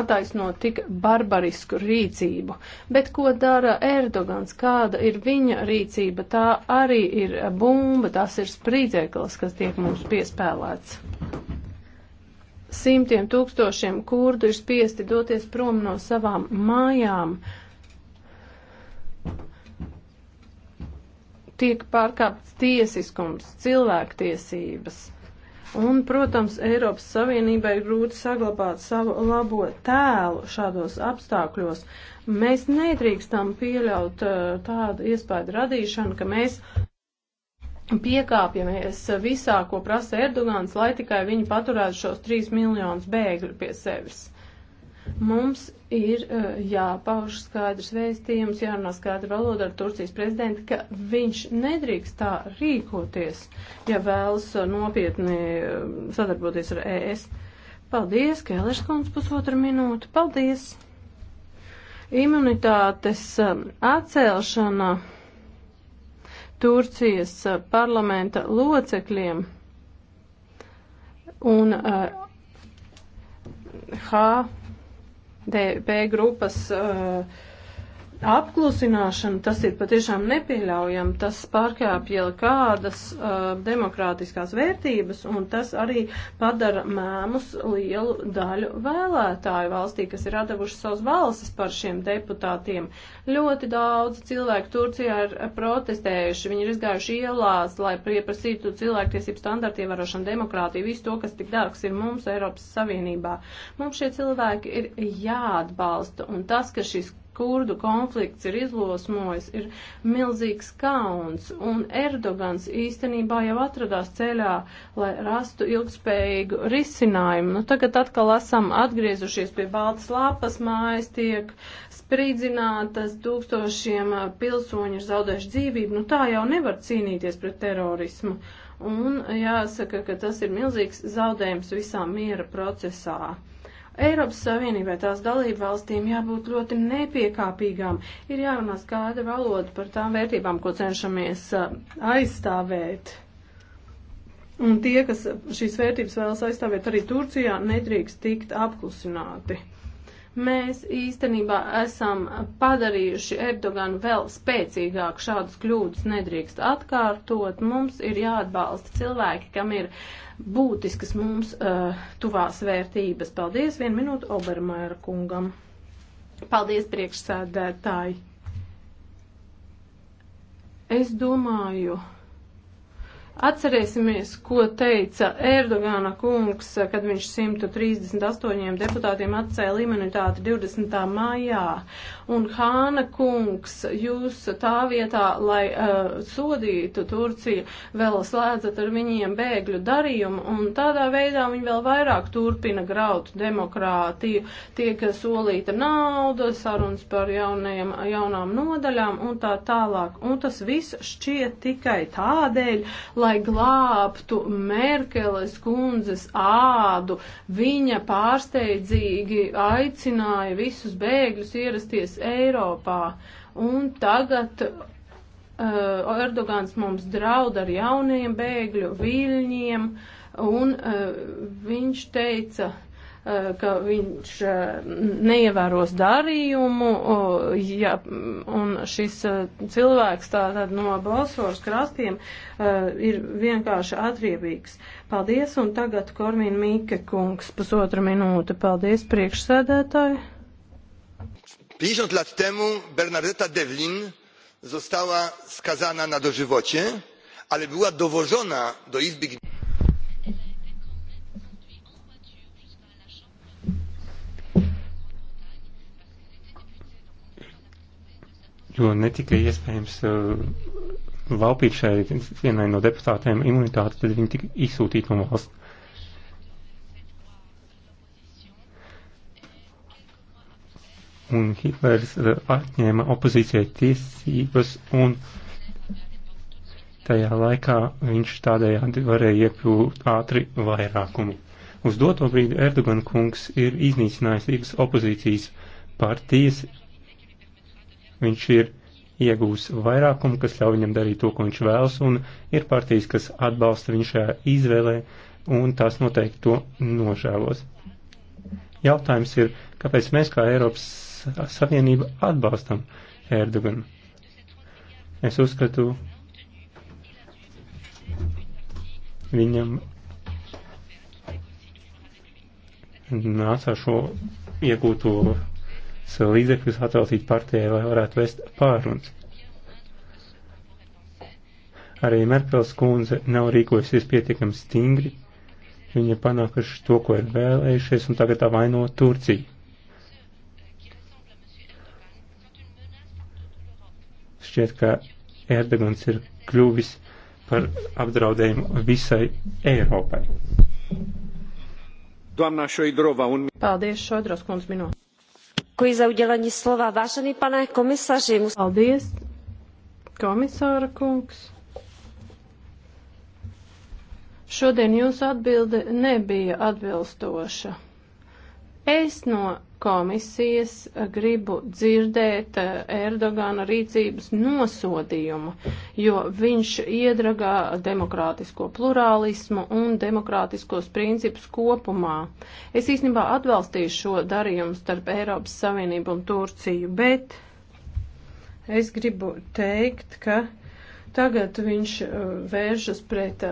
attaisnot tik barbarisku rīcību. Bet ko dara Erdogans, kāda ir viņa rīcība, tā arī ir bumba, tas ir sprīdzeklis, kas tiek mums piespēlēts simtiem tūkstošiem kurdu ir spiesti doties prom no savām mājām. Uh, tiek pārkāpts tiesiskums, cilvēktiesības. Un, protams, Eiropas Savienībai ir grūti saglabāt savu labo tēlu šādos apstākļos. Mēs nedrīkstam pieļaut uh, tādu iespēju radīšanu, ka mēs piekāpjamies visā, ko prasa Erdogans, lai tikai viņi paturētu šos trīs miljonus bēgļu pie sevis. Mums ir eh, jāpauž skaidrs vēstījums, jārunā skaidra valoda ar Turcijas prezidentu, ka viņš nedrīkst tā rīkoties, ja vēlas eh, nopietni eh, sadarboties ar ES. Paldies, Kēlers kundz, pusotra minūte. Paldies! Imunitātes atcelšana Turcijas parlamenta locekļiem un uh, H DB grupas uh, apklusināšana, tas ir patiešām nepieļaujami, tas pārkāpja kādas uh, demokrātiskās vērtības, un tas arī padara mēmus lielu daļu vēlētāju valstī, kas ir atdevuši savus balsis par šiem deputātiem. Ļoti daudz cilvēku Turcijā ir protestējuši, viņi ir izgājuši ielās, lai pieprasītu cilvēktiesību standartu ievērošanu demokrātiju, visu to, kas tik dārgs ir mums Eiropas Savienībā. Mums šie cilvēki ir jāatbalsta, un tas, ka šis kurdu konflikts ir izlosmojis, ir milzīgs kauns, un Erdogans īstenībā jau atradās ceļā, lai rastu ilgspējīgu risinājumu. Nu, tagad atkal esam atgriezušies pie Baltas lapas, mājas tiek spridzinātas, tūkstošiem pilsoņu ir zaudējuši dzīvību. Nu, tā jau nevar cīnīties pret terorismu. Un jāsaka, ka tas ir milzīgs zaudējums visā miera procesā. Eiropas Savienībai tās dalību valstīm jābūt ļoti nepiekāpīgām. Ir jārunā skaidra valoda par tām vērtībām, ko cenšamies aizstāvēt. Un tie, kas šīs vērtības vēlas aizstāvēt arī Turcijā, nedrīkst tikt apklusināti mēs īstenībā esam padarījuši Erdoganu vēl spēcīgāk. Šādas kļūdas nedrīkst atkārtot. Mums ir jāatbalsta cilvēki, kam ir būtiskas mums uh, tuvās vērtības. Paldies, vienu minūtu Obermaira kungam. Paldies, priekšsēdētāji. Es domāju, Atcerēsimies, ko teica Erdogana kungs, kad viņš 138 deputātiem atcēla imunitāti 20. maijā. Un Hāna kungs, jūs tā vietā, lai uh, sodītu Turciju, vēl slēdzat ar viņiem bēgļu darījumu, un tādā veidā viņi vēl vairāk turpina graut demokrātiju, tiek solīta nauda, sarunas par jaunajiem, jaunām nodaļām un tā tālāk. Un tas viss šķiet tikai tādēļ, lai lai glābtu Merkeles kundzes ādu. Viņa pārsteidzīgi aicināja visus bēgļus ierasties Eiropā. Un tagad uh, Erdogans mums draud ar jauniem bēgļu viļņiem, un uh, viņš teica, Eh, ka viņš eh, neievēros darījumu, ja, un šis eh, cilvēks tātad no Balsors krastiem ir vienkārši atriebīgs. Paldies, un tagad Kormīna Mīke kungs, pusotra minūte. Paldies, priekšsēdētāji. 50 lat temu Bernadetta Devlin została skazana na dożywocie, ale była dowożona do Izby jo netika iespējams uh, valpīt šai vienai no deputātēm imunitāti, tad viņi tika izsūtīti no valsts. Un Hitlers uh, atņēma opozīcijai tiesības un tajā laikā viņš tādējādi varēja iekļūt ātri vairākumu. Uz doto brīdi Erdogan kungs ir iznīcinājis divas opozīcijas partijas, Viņš ir iegūs vairākumu, kas ļauj viņam darīt to, ko viņš vēlas, un ir partijas, kas atbalsta viņu šajā izvēlē, un tās noteikti to nožēlos. Jautājums ir, kāpēc mēs kā Eiropas Savienība atbalstam Erdoganu? Es uzskatu, viņam nāca šo iegūto līdzekļus atveltīt partijai, lai varētu vest pārunas. Arī Merkels kundze nav rīkojusies pietiekami stingri, viņa panākuši to, ko ir vēlējušies, un tagad tā vaino Turciju. Šķiet, ka Erdogans ir kļuvis par apdraudējumu visai Eiropai. Paldies, Šodros kundze, minūte. Vážený pane komisaři, paldies, komisāra kungs. Šodien jūsu atbilde nebija atbilstoša. Es no komisijas eh, gribu dzirdēt eh, Erdogana rīcības nosodījumu, jo viņš iedragā demokrātisko plurālismu un demokrātiskos principus kopumā. Es īstenībā atbalstīšu šo darījumu starp Eiropas Savienību un Turciju, bet es gribu teikt, ka tagad viņš eh, vēršas pret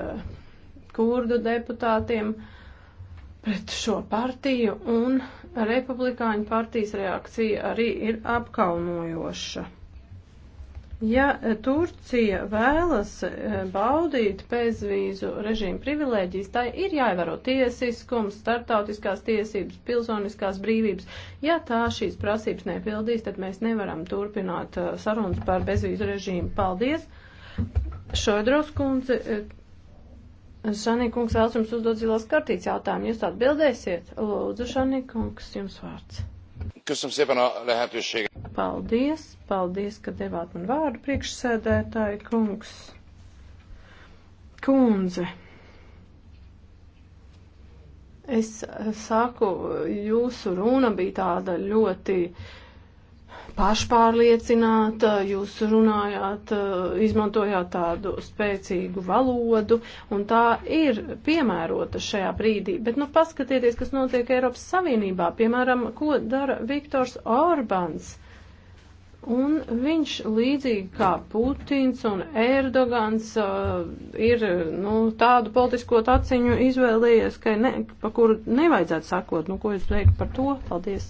kurdu deputātiem, pret šo partiju un Republikāņu partijas reakcija arī ir apkaunojoša. Ja Turcija vēlas eh, baudīt bezvīzu režīmu privilēģijas, tai ir jāievēro tiesiskums, startautiskās tiesības, pilsoniskās brīvības. Ja tā šīs prasības nepildīs, tad mēs nevaram turpināt eh, sarunas par bezvīzu režīmu. Paldies! Šodros kundze, eh, Šanī kungs vēlas jums uzdot zilās kartītes jautājumu. Jūs atbildēsiet? Lūdzu, Šanī kungs, jums vārds. Köszönöm szépen a lehetőséget. Paldies, paldies, ka devāt man vārdu priekšsēdētāji kungs. Kundze. Es saku, jūsu runa bija tāda ļoti uh, pašpārliecināta, jūs runājāt, izmantojāt tādu spēcīgu valodu, un tā ir piemērota šajā brīdī. Bet, nu, paskatieties, kas notiek Eiropas Savienībā, piemēram, ko dara Viktors Orbāns. Un viņš līdzīgi kā Putins un Erdogans uh, ir nu, tādu politisko taciņu izvēlējies, ka ne, pa kuru nevajadzētu sakot. Nu, ko jūs teikt par to? Paldies!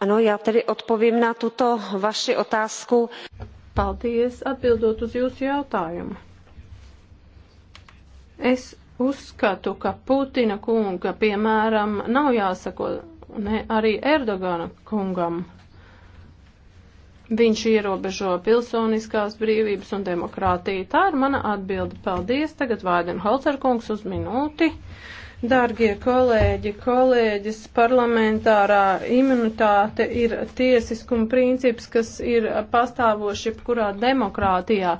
Ano, jā, tedy odpovím na tuto vaši otázku. Paldies, atbildot uz jūsu jautājumu. Es uzskatu, ka Putina kunga, piemēram, nav jāsako ne arī Erdogana kungam. Viņš ierobežo pilsoniskās brīvības un demokrātiju. Tā ir mana atbilde. Paldies. Tagad Vaiden Holzer kungs uz minūti. Uh, Dārgie kolēģi, kolēģis, parlamentārā imunitāte ir tiesiskuma princips, kas ir pastāvoši jebkurā demokrātijā.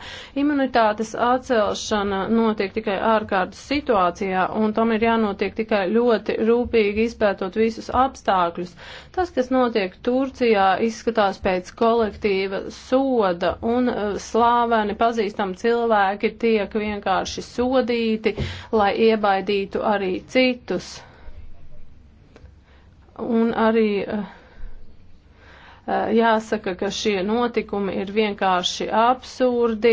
Imunitātes atcelšana notiek tikai ārkārtas situācijā, un tam ir jānotiek tikai ļoti rūpīgi izpētot visus apstākļus. Tas, kas notiek Turcijā, izskatās pēc kolektīva soda, un e, slāveni pazīstam cilvēki tiek vienkārši sodīti, lai iebaidītu arī citus. Un arī uh, Eh, jāsaka, ka šie notikumi ir vienkārši absurdi,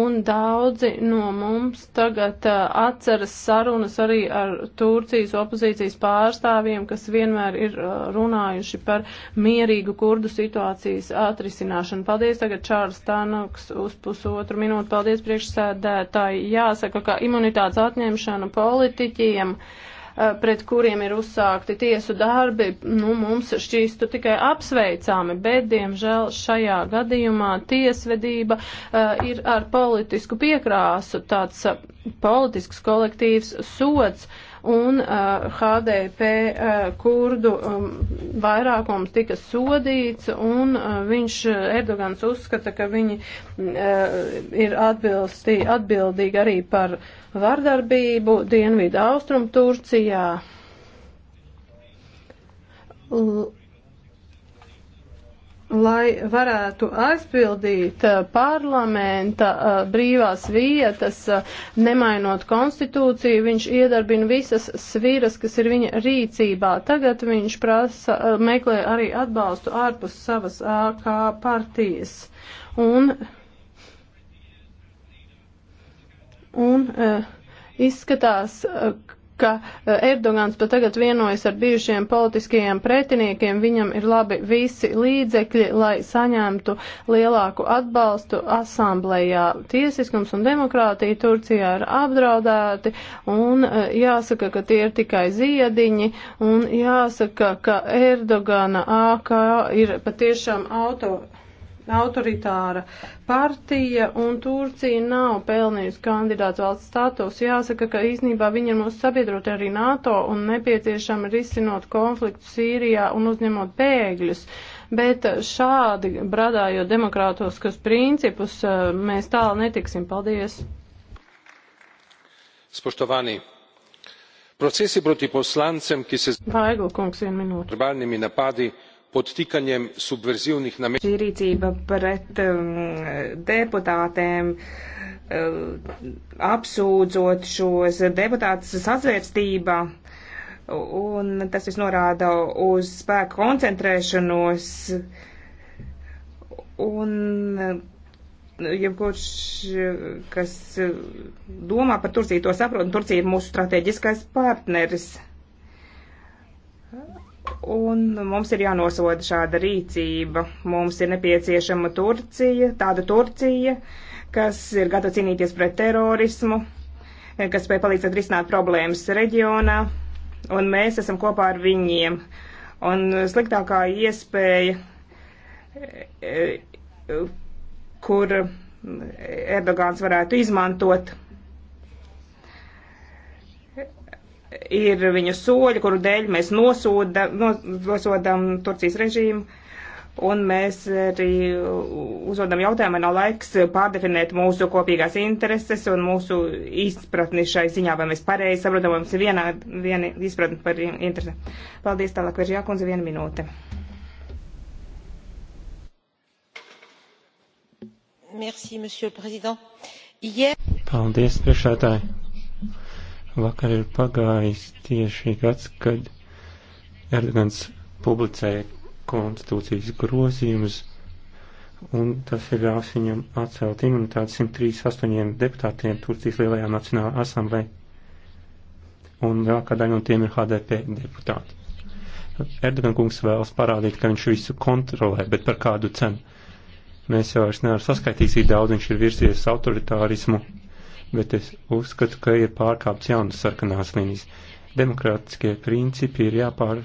un daudzi no mums tagad eh, atceras sarunas arī ar Turcijas opozīcijas pārstāvjiem, kas vienmēr ir eh, runājuši par mierīgu kurdu situācijas atrisināšanu. Paldies tagad Čārls Tānoks uz pusotru minūtu. Paldies priekšsēdētāji. Jāsaka, ka imunitātes atņemšana politiķiem. Uh, Eh, pret kuriem ir uzsākti tiesu darbi, nu, mums šķīstu tikai apsveicami, bet, diemžēl, šajā gadījumā tiesvedība eh, ir ar politisku piekrāsu, tāds eh, politisks kolektīvs sods un uh, HDP uh, kurdu um, vairākums tika sodīts, un uh, viņš Erdogans uzskata, ka viņi uh, ir atbilstī, atbildīgi arī par vardarbību Dienvidu Austrum Turcijā. L lai varētu aizpildīt eh, parlamenta eh, brīvās vietas, eh, nemainot konstitūciju, viņš iedarbina visas sviras, kas ir viņa rīcībā. Tagad viņš prasa, meklē arī atbalstu ārpus savas AK partijas. Un, un izskatās, ka e, Erdogans pat tagad vienojas ar bijušiem politiskajiem pretiniekiem, viņam ir labi visi līdzekļi, lai saņemtu lielāku atbalstu asamblējā. Tiesiskums un demokrātija Turcijā ir apdraudēti un e, jāsaka, ka tie ir tikai ziediņi un jāsaka, ka Erdogana AK ir patiešām auto autoritāra partija, un Turcija nav pelnījusi kandidāts valsts status. Jāsaka, ka īsnībā viņi ir mūsu sabiedroti arī NATO un nepieciešami risinot konfliktu Sīrijā un uzņemot bēgļus. Bet šādi bradājot demokrātiskus principus, eh, mēs tālu netiksim. Paldies! Spoštovani, procesi proti poslancem, ki se z verbalnimi napadi podtikanjem subverzivnih namenov. Šī rīcība pret um, deputātēm um, apsūdzot šos deputātus sazvērstībā. Un tas viss norāda uz spēku koncentrēšanos un jebkurš, kas domā par Turciju, to saprot, un Turcija ir mūsu strateģiskais partneris. Un mums ir jānosoda šāda rīcība. Mums ir nepieciešama Turcija, tāda Turcija, kas ir gatava cīnīties pret terorismu, kas spēj palīdzēt risināt problēmas reģionā, un mēs esam kopā ar viņiem. Un sliktākā iespēja, e, e, kur Erdogāns varētu izmantot ir viņu soļi, kuru dēļ mēs nosoda, nosodam Turcijas režīmu. Un mēs arī uzdodam jautājumu, nav laiks pārdefinēt mūsu kopīgās intereses un mūsu izpratni šai ziņā, vai mēs pareizi saprotam, vai mums ir vienā, viena izpratni par interesi. Paldies tālāk, Veržjā kundze, viena minūte. Merci, monsieur le président. Hier... Paldies, priekšētāji Vakar ir pagājis tieši gads, kad Erdogans publicēja konstitūcijas grozījumus, un tas ir ļāvis viņam atcelt imunitāti 138 deputātiem Turcijas Lielajā Nacionālajā asamblē, un lielākā daļa no tiem ir HDP deputāti. Erdogan kungs vēlas parādīt, ka viņš visu kontrolē, bet par kādu cenu. Mēs jau vairs nevaram saskaitīsīt daudz, viņš ir virsies autoritārismu bet es uzskatu, ka ir pārkāpts jaunas sarkanās līnijas. Demokrātiskie principi ir jāpār,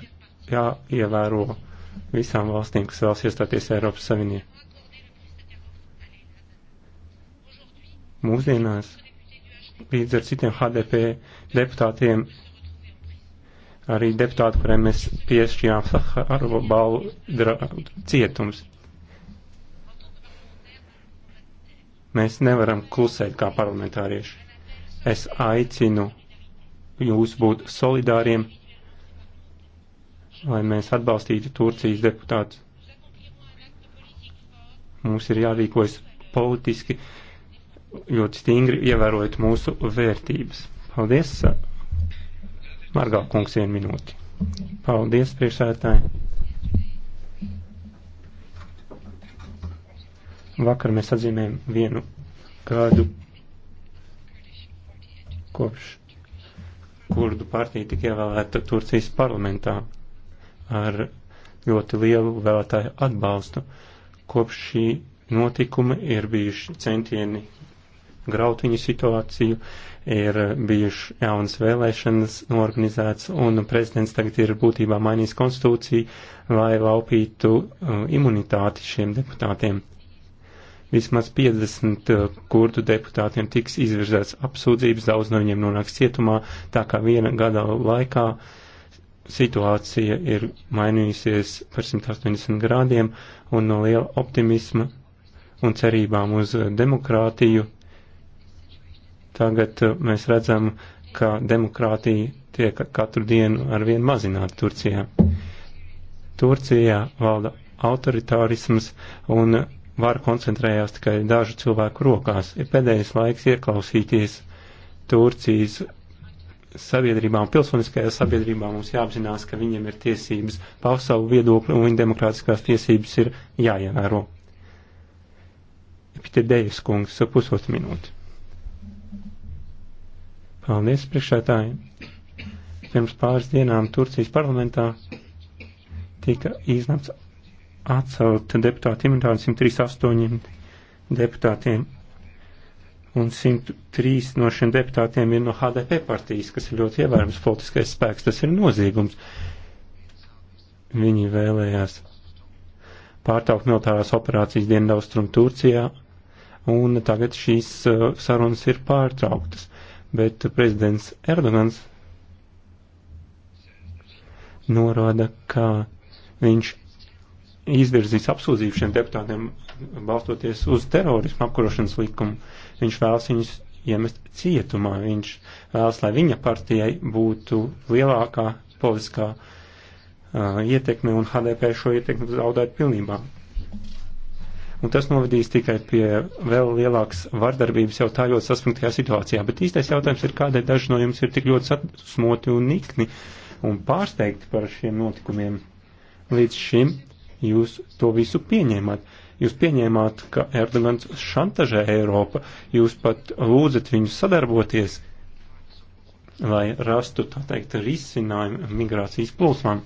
jāievēro visām valstīm, kas vēlas iestāties Eiropas Savienībā. Mūsdienās līdz ar citiem HDP deputātiem, arī deputāti, kuriem mēs piešķījām Saharovu balvu cietums. Mēs nevaram klusēt kā parlamentārieši. Es aicinu jūs būt solidāriem, lai mēs atbalstītu Turcijas deputātus. Mums ir jārīkojas politiski ļoti stingri, ievērojot mūsu vērtības. Paldies! Margā kungs, vienu minūti. Paldies, priekšsētāji! Vakar mēs atzīmējam vienu gadu kopš kurdu partija tika ievēlēta Turcijas parlamentā ar ļoti lielu vēlētāju atbalstu. Kopš šī notikuma ir bijuši centieni graut viņu situāciju, ir bijuši jaunas vēlēšanas norganizēts, un prezidents tagad ir būtībā mainījis konstitūciju, lai laupītu uh, imunitāti šiem deputātiem. Vismaz 50 eh, kurdu deputātiem tiks izvirzēts apsūdzības, daudz no viņiem nonāks cietumā, tā kā viena gada laikā situācija ir mainījusies par 180 grādiem un no liela optimisma un cerībām uz eh, demokrātiju. Tagad eh, mēs redzam, ka demokrātija tiek katru dienu arvien mazināta Turcijā. Turcijā valda autoritārisms un var koncentrējās tikai dažu cilvēku rokās. Ir pēdējais laiks ieklausīties Turcijas sabiedrībā un pilsoniskajā sabiedrībā mums jāapzinās, ka viņiem ir tiesības paust savu viedokli un viņa demokrātiskās tiesības ir jāievēro. Epitēdējas kungs, pusotru minūti. Paldies, priekšētāji. Pirms pāris dienām Turcijas parlamentā tika iznāca atcelt deputātu imunitāti 138 deputātiem. Un 103 no šiem deputātiem ir no HDP partijas, kas ir ļoti ievērams politiskais spēks. Tas ir noziegums. Viņi vēlējās pārtraukt militārās operācijas Dienvidaustrum Turcijā, un tagad šīs uh, sarunas ir pārtrauktas. Bet prezidents Erdogans norāda, ka viņš izvirzīs apsūdzību šiem deputātiem balstoties uz terorismu apkarošanas likumu. Viņš vēlas viņus iemest cietumā. Viņš vēlas, lai viņa partijai būtu lielākā politiskā uh, ietekme un HDP šo ietekmi zaudēt pilnībā. Un tas novedīs tikai pie vēl lielākas vardarbības jau tā ļoti saspringtajā situācijā. Bet īstais jautājums ir, kādēļ daži no jums ir tik ļoti satsmoti un nikni un pārsteigti par šiem notikumiem. Līdz šim jūs to visu pieņēmāt. Jūs pieņēmāt, ka Erdogans šantažē Eiropu, jūs pat lūdzat viņu sadarboties, lai rastu, tā teikt, risinājumu migrācijas plūsmām.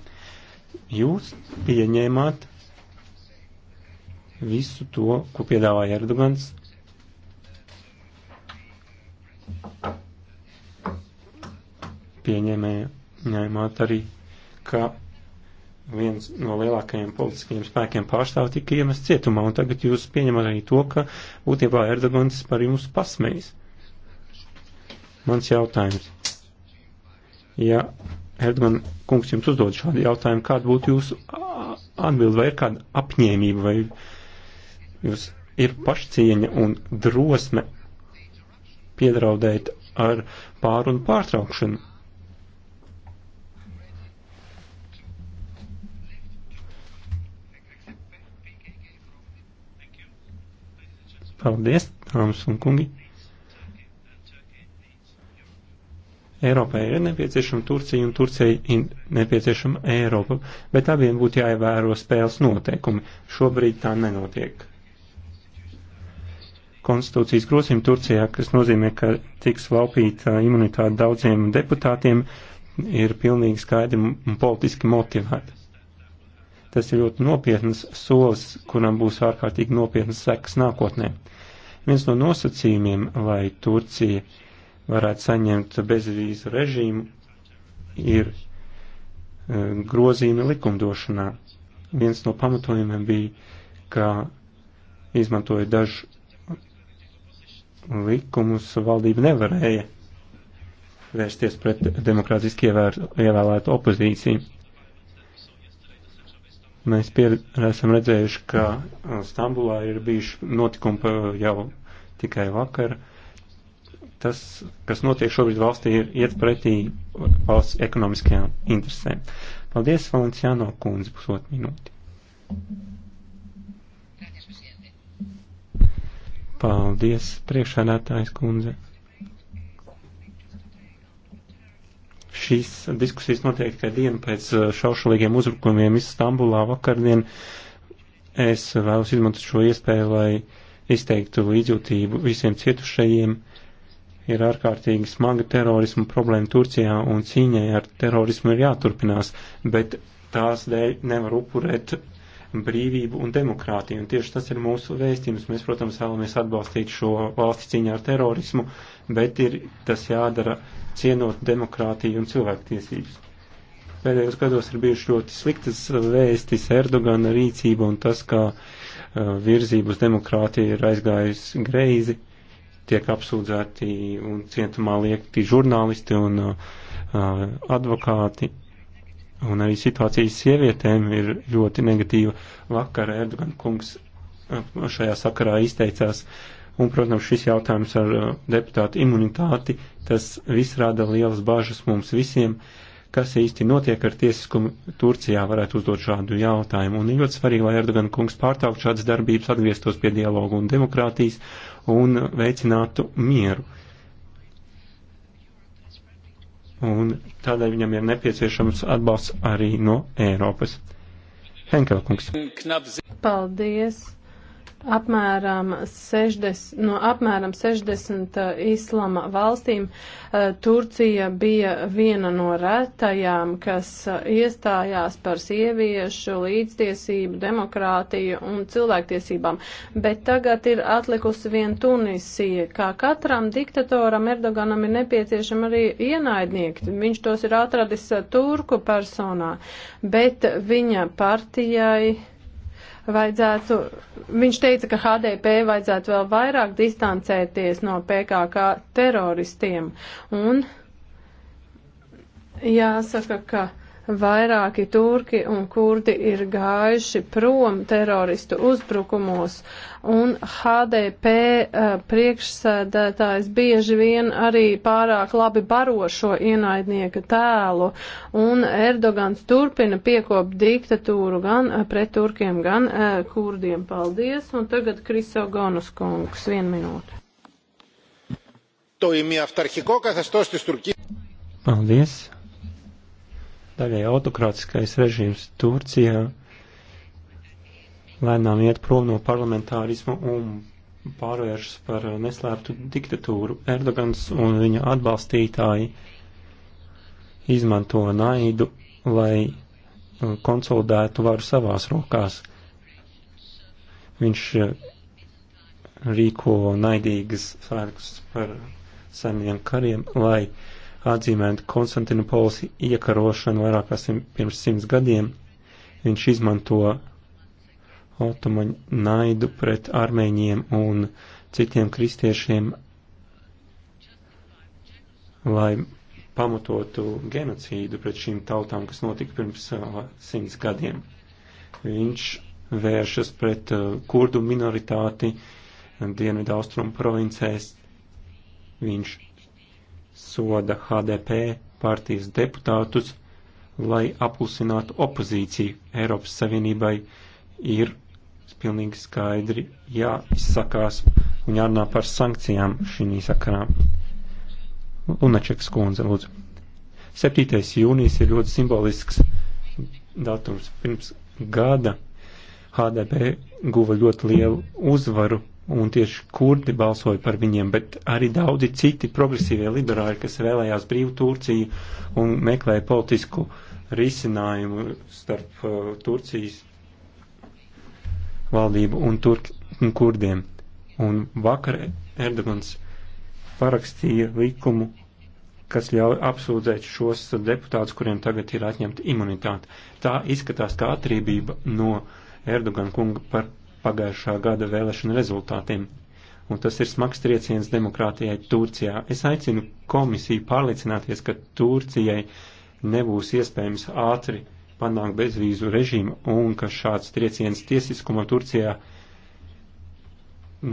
Jūs pieņēmāt visu to, ko piedāvāja Erdogans. Pieņēmējāt arī, ka viens no lielākajiem politiskajiem spēkiem pārstāv tika iemest cietumā, un tagad jūs pieņemat arī to, ka būtībā Erdogans par jums pasmējas. Mans jautājums. Ja Erdogan kungs jums uzdod šādu jautājumu, kāda būtu jūsu atbildi, vai ir kāda apņēmība, vai jūs ir pašcieņa un drosme piedraudēt ar pārunu pārtraukšanu? Paldies, dāmas un kungi! Eiropai ir nepieciešama Turcija un Turcijai ir nepieciešama Eiropa, bet abiem būtu jāievēro spēles noteikumi. Šobrīd tā nenotiek. Konstitūcijas grozījumi Turcijā, kas nozīmē, ka tiks laupīta imunitāte daudziem deputātiem, ir pilnīgi skaidri un politiski motivēti. Tas ir ļoti nopietnas solis, kuram būs ārkārtīgi nopietnas sekas nākotnē. Viens no nosacījumiem, lai Turcija varētu saņemt bezvīzu režīmu, ir e, grozījumi likumdošanā. Viens no pamatojumiem bija, ka izmantoja dažu likumus, valdība nevarēja vērsties pret demokrātiski ievēlētu opozīciju. Mēs pier, esam redzējuši, ka uh, Stambulā ir bijuši notikumi jau tikai vakar. Tas, kas notiek šobrīd valstī, ir iet pretī valsts ekonomiskajām interesēm. Paldies, Valenciāno kundze, pusotru minūti. Paldies, priekšādātājs kundze. Šīs diskusijas notiek tikai dienu pēc eh, šaušalīgiem uzbrukumiem Istambulā vakardien. Es vēlos izmantot šo iespēju, lai izteiktu līdzjūtību visiem cietušajiem. Ir ārkārtīgi smaga terorismu problēma Turcijā un cīņai ar terorismu ir jāturpinās, bet tās dēļ nevar upurēt brīvību un demokrātiju. Un tieši tas ir mūsu vēstījums. Mēs, protams, vēlamies atbalstīt šo valsti cīņā ar terorismu, bet ir tas jādara cienot demokrātiju un cilvēktiesības. Pēdējos gados ir bijuši ļoti sliktas vēstis Erdogana rīcība un tas, kā uh, virzību uz demokrātiju ir aizgājusi greizi, tiek apsūdzēti un cietumā liekti žurnālisti un uh, uh advokāti. Un arī situācija sievietēm ir ļoti negatīva. Vakar Erdogan kungs uh, šajā sakarā izteicās uh, Un, protams, šis jautājums ar uh, deputātu imunitāti, tas viss rada lielas bāžas mums visiem, kas īsti notiek ar tiesiskumu Turcijā, varētu uzdot šādu jautājumu. Un ir ļoti svarīgi, lai Erdogan kungs pārtraukt šādas darbības, atgrieztos pie dialogu un demokrātijas un veicinātu mieru. Un tādēļ viņam ir nepieciešams atbalsts arī no Eiropas. Henkel kungs. Paldies! apmēram 60, no apmēram 60 uh, islama valstīm uh, Turcija bija viena no retajām, kas uh, iestājās par sieviešu līdztiesību, demokrātiju un cilvēktiesībām. Bet tagad ir atlikusi vien Tunisija, kā katram diktatoram Erdoganam ir nepieciešama arī ienaidnieki. Viņš tos ir atradis turku personā, bet viņa partijai vajadzētu, viņš teica, ka HDP vajadzētu vēl vairāk distancēties no PKK teroristiem. Un jāsaka, ka vairāki turki un kurdi ir gājuši prom teroristu uzbrukumos, un HDP uh, eh, priekšsēdētājs bieži vien arī pārāk labi baro šo ienaidnieka tēlu, un Erdogans turpina piekop diktatūru gan uh, pret turkiem, gan uh, kurdiem. Paldies, un tagad Krisogonus kungs, vienu minūtu. Το ημιαυταρχικό καθεστώς της Τουρκίας. Paldies daļai autokrātiskais režīms Turcijā lēnām iet prom no parlamentārismu un pārvēršas par neslēptu diktatūru. Erdogans un viņa atbalstītāji izmanto naidu, lai uh, konsolidētu varu savās rokās. Viņš uh, rīko naidīgas svētkus par seniem kariem, lai uh, atzīmēt Konstantinopolis iekarošanu vairāk kā simt, pirms simts gadiem. Viņš izmanto otomaņu naidu pret armēņiem un citiem kristiešiem, lai pamatotu genocīdu pret šīm tautām, kas notika pirms uh, simts gadiem. Viņš vēršas pret uh, kurdu minoritāti Dienvidu austrumu provincēs. Viņš soda HDP partijas deputātus, lai apklusinātu opozīciju Eiropas Savienībai, ir pilnīgi skaidri jāizsakās un jārunā par sankcijām šī sakarā. Lunačeks kundze, lūdzu. 7. jūnijas ir ļoti simbolisks datums. Pirms gada HDP guva ļoti lielu uzvaru un tieši kurdi balsoja par viņiem, bet arī daudzi citi progresīvie liberāļi, kas vēlējās brīvu Turciju un meklēja politisku risinājumu starp uh, Turcijas valdību un, turk, un kurdiem. Un vakar Erdogans parakstīja likumu, kas ļauj apsūdzēt šos deputātus, kuriem tagad ir atņemta imunitāte. Tā izskatās kā atrībība no Erdogan kunga par pagājušā gada vēlēšana rezultātiem. Un tas ir smags trieciens demokrātijai Turcijā. Es aicinu komisiju pārliecināties, ka Turcijai nebūs iespējams ātri panākt bezvīzu režīmu un ka šāds trieciens tiesiskuma Turcijā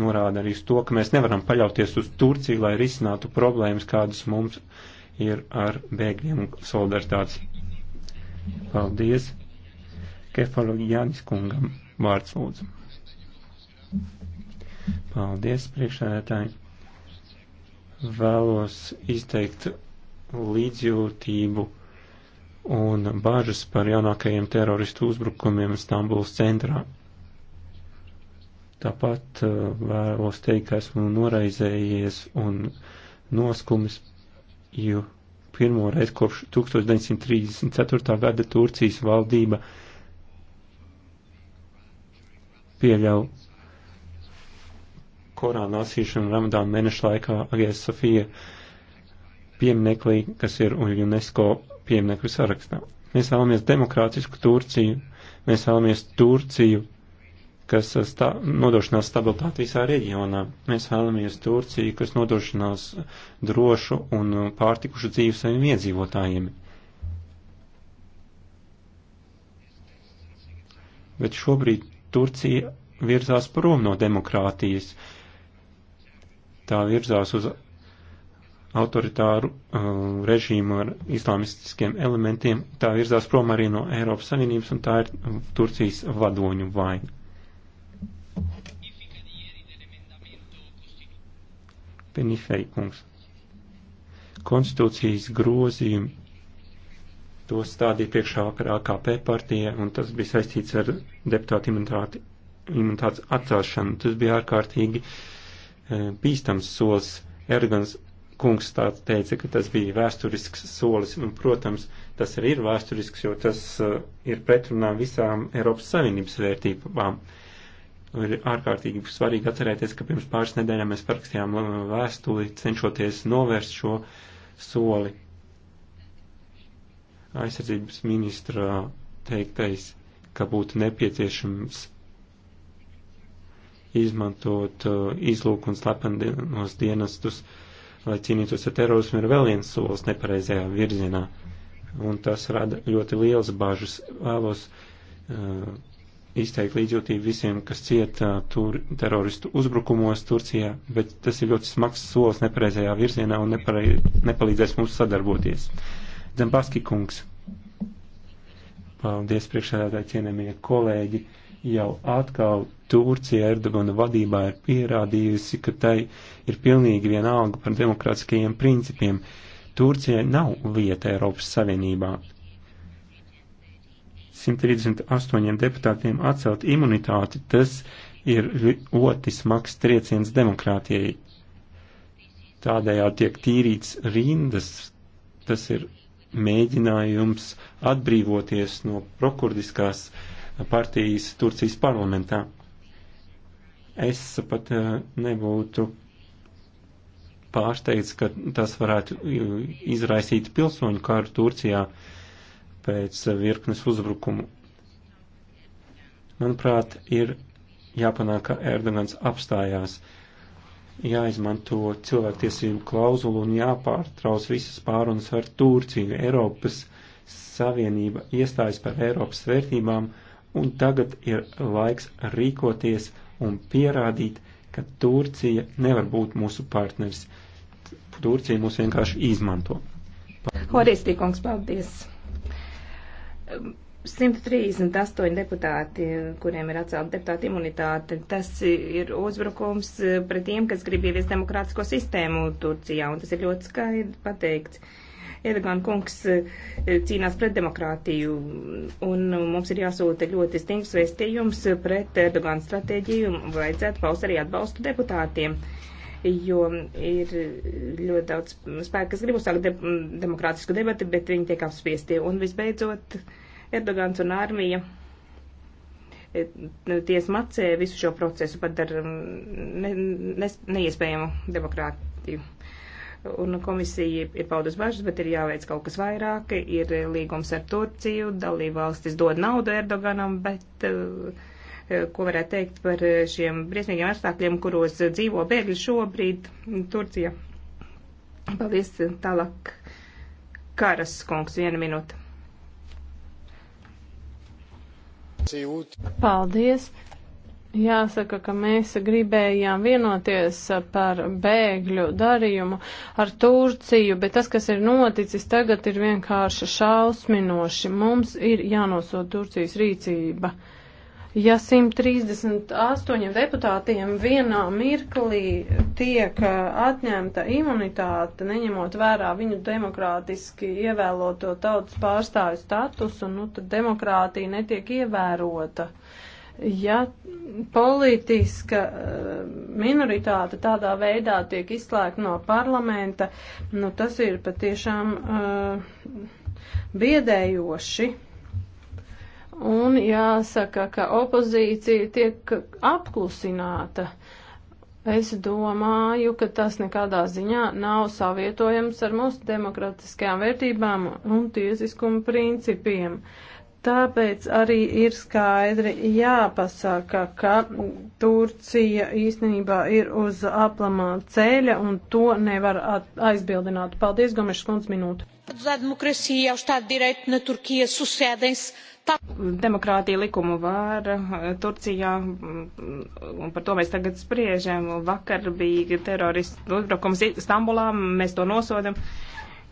norāda arī uz to, ka mēs nevaram paļauties uz Turciju, lai risinātu problēmas, kādas mums ir ar bēgļiem un solidaritātes. Paldies! Kefaloģiānis kungam vārds lūdzu. Paldies, priekšsēdētāji. Vēlos izteikt līdzjūtību un bāžas par jaunākajiem teroristu uzbrukumiem Stambuls centrā. Tāpat uh, vēlos teikt, ka esmu noraizējies un noskumis, jo pirmo reizi kopš 1934. gada Turcijas valdība pieļauj Korāna lasīšanu Ramadāna mēneša laikā Agēs Sofija pieminekli, kas ir UNESCO pieminekļu sarakstā. Mēs vēlamies demokrātisku Turciju, mēs vēlamies Turciju, kas stā, nodrošinās stabilitāti visā reģionā. Mēs vēlamies Turciju, kas nodrošinās drošu un pārtikušu dzīvi saviem iedzīvotājiem. Bet šobrīd Turcija virzās prom no demokrātijas. Uh, tā virzās uz autoritāru uh, režīmu ar islamistiskiem elementiem, tā virzās prom arī no Eiropas Savienības un tā ir uh, Turcijas vadoņu vaina. Penifei kungs. Konstitūcijas grozījumi to stādīja priekšā vakarā AKP partija un tas bija saistīts ar deputātu imunitāti, imunitātes atcelšanu. Tas bija ārkārtīgi uh, E, bīstams solis. Erdogans kungs tā teica, ka tas bija vēsturisks solis, un, protams, tas arī ir vēsturisks, jo tas e, ir pretrunā visām Eiropas Savienības vērtībām. Ir ārkārtīgi svarīgi atcerēties, ka pirms pāris nedēļām mēs parakstījām e, vēstuli, cenšoties novērst šo soli. Aizsardzības ministra teiktais, ka būtu nepieciešams izmantot uh, izlūku un slepenos dienestus, lai cīnītos ar terorismu, ir vēl viens solis nepareizajā virzienā. Un tas rada ļoti liels bažas. Vēlos uh, izteikt līdzjūtību visiem, kas cieta uh, tur teroristu uzbrukumos Turcijā, bet tas ir ļoti smags solis nepareizajā virzienā un neparei, nepalīdzēs mums sadarboties. Dzembaski kungs. Paldies priekšādātāji cienējamie kolēģi. Jau atkal Turcija Erdogana vadībā ir pierādījusi, ka tai ir pilnīgi vienalga par demokrātiskajiem principiem. Turcijai nav vieta Eiropas Savienībā. 138 deputātiem atcelt imunitāti, tas ir ļoti smags trieciens demokrātijai. Tādējādi tiek tīrīts rindas, tas ir mēģinājums atbrīvoties no prokurdiskās partijas Turcijas parlamentā. Es pat eh, nebūtu pārsteigts, ka tas varētu izraisīt pilsoņu kāru Turcijā pēc eh, virknes uzbrukumu. Manuprāt, ir jāpanāk, ka Erdogans apstājās, jāizmanto cilvēktiesību klauzulu un jāpārtrauc visas pārunas ar Turciju. Eiropas Savienība iestājas par Eiropas vērtībām, un tagad ir laiks rīkoties un pierādīt, ka Turcija nevar būt mūsu partners. Turcija mūs vienkārši izmanto. Horis Tīkungs, paldies! 138 deputāti, kuriem ir atcelta deputāta imunitāte, tas ir uzbrukums pret tiem, kas grib ieviest demokrātisko sistēmu Turcijā, un tas ir ļoti skaidri pateikts. Erdogan kungs eh, cīnās pret demokrātiju, un eh, mums ir jāsūta ļoti stingrs vēstījums pret Erdogan stratēģiju, un vajadzētu paust arī atbalstu deputātiem jo ir ļoti daudz spēku, kas grib uzsākt de demokrātisku debati, bet viņi tiek apspiesti. Un visbeidzot, Erdogans un armija eh, ties macē visu šo procesu padara mm, ne, ne, neiespējamu demokrātiju. Un komisija ir paudus bažas, bet ir jāveic kaut kas vairāk. Ir līgums ar Turciju, dalībvalstis dod naudu Erdoganam, bet eh, eh, ko varētu teikt par šiem briesmīgiem apstākļiem, kuros dzīvo bēgļi šobrīd Turcija. Paldies, tālāk. Karas kungs, viena minūte. Paldies. Jāsaka, ka mēs gribējām vienoties par bēgļu darījumu ar Turciju, bet tas, kas ir noticis tagad, ir vienkārši šausminoši. Mums ir jānosot Turcijas rīcība. Ja 138 deputātiem vienā mirklī tiek eh, atņemta imunitāte, neņemot vērā viņu demokrātiski ievēloto tautas pārstāvju statusu, nu tad demokrātija netiek ievērota ja politiska eh, minoritāte tādā veidā tiek izslēgta no parlamenta, nu tas ir patiešām uh, biedējoši. Un jāsaka, ka opozīcija tiek apklusināta. Es domāju, ka tas nekādā ziņā nav savietojams ar mūsu demokratiskajām vērtībām un tiesiskuma principiem. Uh, Tāpēc arī ir skaidri jāpasaka, ka Turcija īstenībā ir uz aplamā ceļa un to nevar aizbildināt. Paldies, Gomešs kundz, minūte. Demokrātija likumu vāra Turcijā, un par to mēs tagad spriežam. Vakar bija teroristu uzbrukums Istambulā, mēs to nosodam.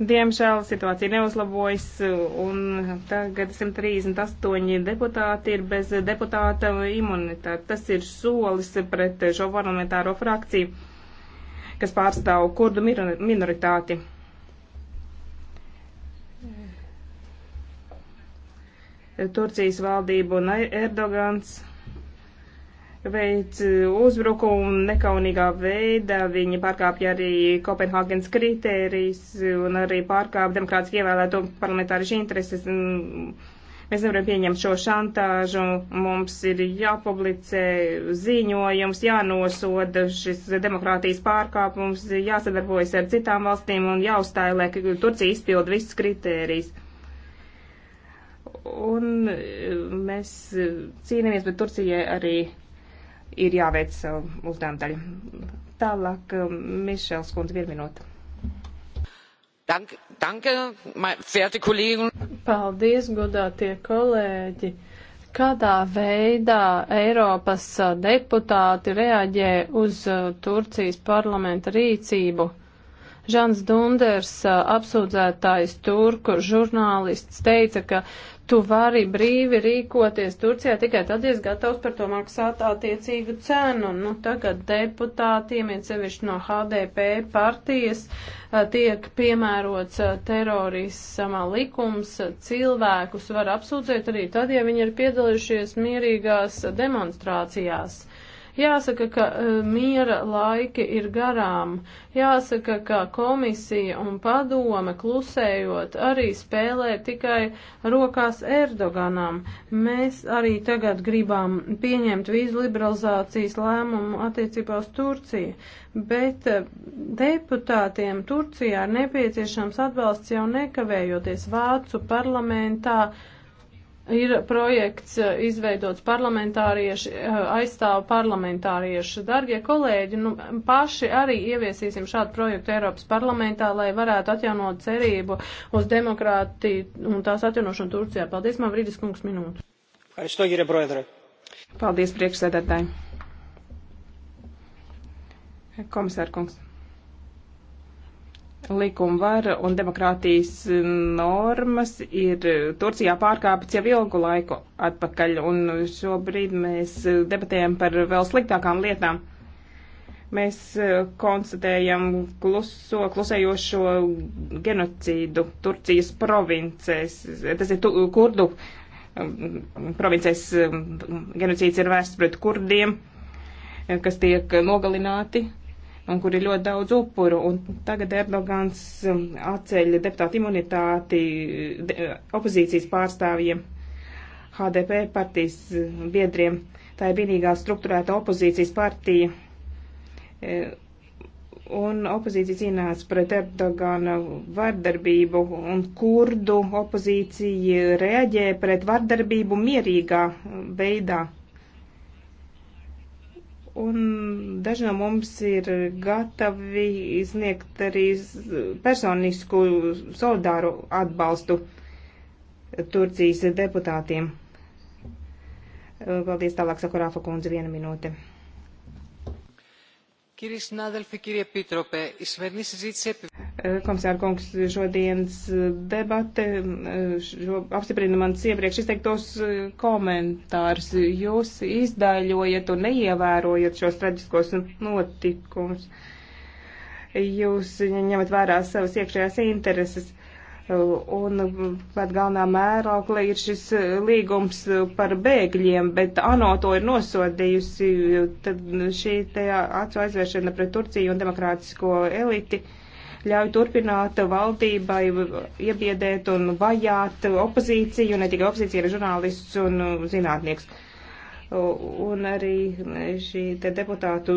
Diemžēl situācija neuzlabojas, un tagad 138 deputāti ir bez deputāta imunitāte. Tas ir solis pret šo parlamentāro frakciju, kas pārstāv kurdu minoritāti. Turcijas valdību un Erdogans veic uh, uzbrukumu nekaunīgā veidā. Viņi pārkāpja arī Kopenhāgenes kritērijas un arī pārkāpja demokrātiski ievēlēto parlamentārišu intereses. Mēs nevaram pieņemt šo šantāžu. Mums ir jāpublicē ziņojums, jānosoda šis demokrātijas pārkāpums, jāsadarbojas ar citām valstīm un jāuzstāja, lai Turcija izpild visas kritērijas un uh, mēs uh, cīnāmies, bet Turcijai arī ir jāveic savu uh, uzdevumu daļu. Tālāk, uh, Mišels kundze, vienu minūtu. Danke, danke, verehrte Kollegen. Paldies, godātie kolēģi kādā veidā Eiropas uh, deputāti reaģē uz Turcijas parlamenta rīcību. Žans Dunders, apsūdzētājs turku žurnālists, teica, ka tu vari brīvi rīkoties Turcijā tikai tad, ja esi gatavs par to maksāt attiecīgu cenu. Nu, tagad deputātiem, ja sevišķi no HDP partijas, tiek piemērots terorisma likums. Cilvēkus var apsūdzēt arī tad, ja viņi ir piedalījušies mierīgās demonstrācijās. Jāsaka, ka e, miera laiki ir garām. Jāsaka, ka komisija un padome klusējot arī spēlē tikai rokās Erdoganam. Mēs arī tagad gribam pieņemt vīzu liberalizācijas lēmumu attiecībā uz Turciju, bet e, deputātiem Turcijā ir nepieciešams atbalsts jau nekavējoties Vācu parlamentā ir projekts eh, izveidots parlamentārieši, eh, aizstāv parlamentārieši. Dargie kolēģi, nu, paši arī ieviesīsim šādu projektu Eiropas parlamentā, lai varētu atjaunot cerību uz demokrātiju un tās atjaunošanu Turcijā. Paldies, man Vrīdis kungs minūtu. Paldies, priekšsēdētāji. Komisār kungs likuma vara un demokrātijas normas ir Turcijā pārkāpts jau ilgu laiku atpakaļ, un šobrīd mēs debatējam par vēl sliktākām lietām. Mēs e, konstatējam kluso, klusējošo genocīdu Turcijas provincēs. Tas ir tu, kurdu provincēs genocīds ir vērsts pret kurdiem, e, kas tiek nogalināti un kur ir ļoti daudz upuru. Un tagad Erdogans um, atceļ deputātu imunitāti uh, opozīcijas pārstāvjiem, HDP partijas uh, biedriem. Tā ir vienīgā struktūrēta opozīcijas partija. Uh, un opozīcija cīnās pret Erdogana vardarbību, un kurdu opozīcija reaģē pret vardarbību mierīgā veidā. Un daži no mums ir gatavi izniegt arī personisku solidāru atbalstu Turcijas deputātiem. Paldies tālāk, saku Rāfa kundze, viena minūte. Κύριε συνάδελφε, κύριε Επίτροπε, η σημερινή συζήτηση Eh, komisāra kungs, šodienas eh, debate eh, šo, apstiprina mans iepriekš izteiktos komentārus. Jūs izdaļojat un neievērojat šos traģiskos notikumus. Jūs ņemat vērā savas iekšējās intereses. Un pat galvenā mēroklī ir šis līgums par bēgļiem, bet ANO to ir nosodījusi. Tad šī te acu aizvēršana pret Turciju un demokrātisko eliti. Uh, ļauj turpināt valdībai iebiedēt un vajāt opozīciju, ne tikai opozīcija, ir žurnālists un uh, zinātnieks un arī šī te deputātu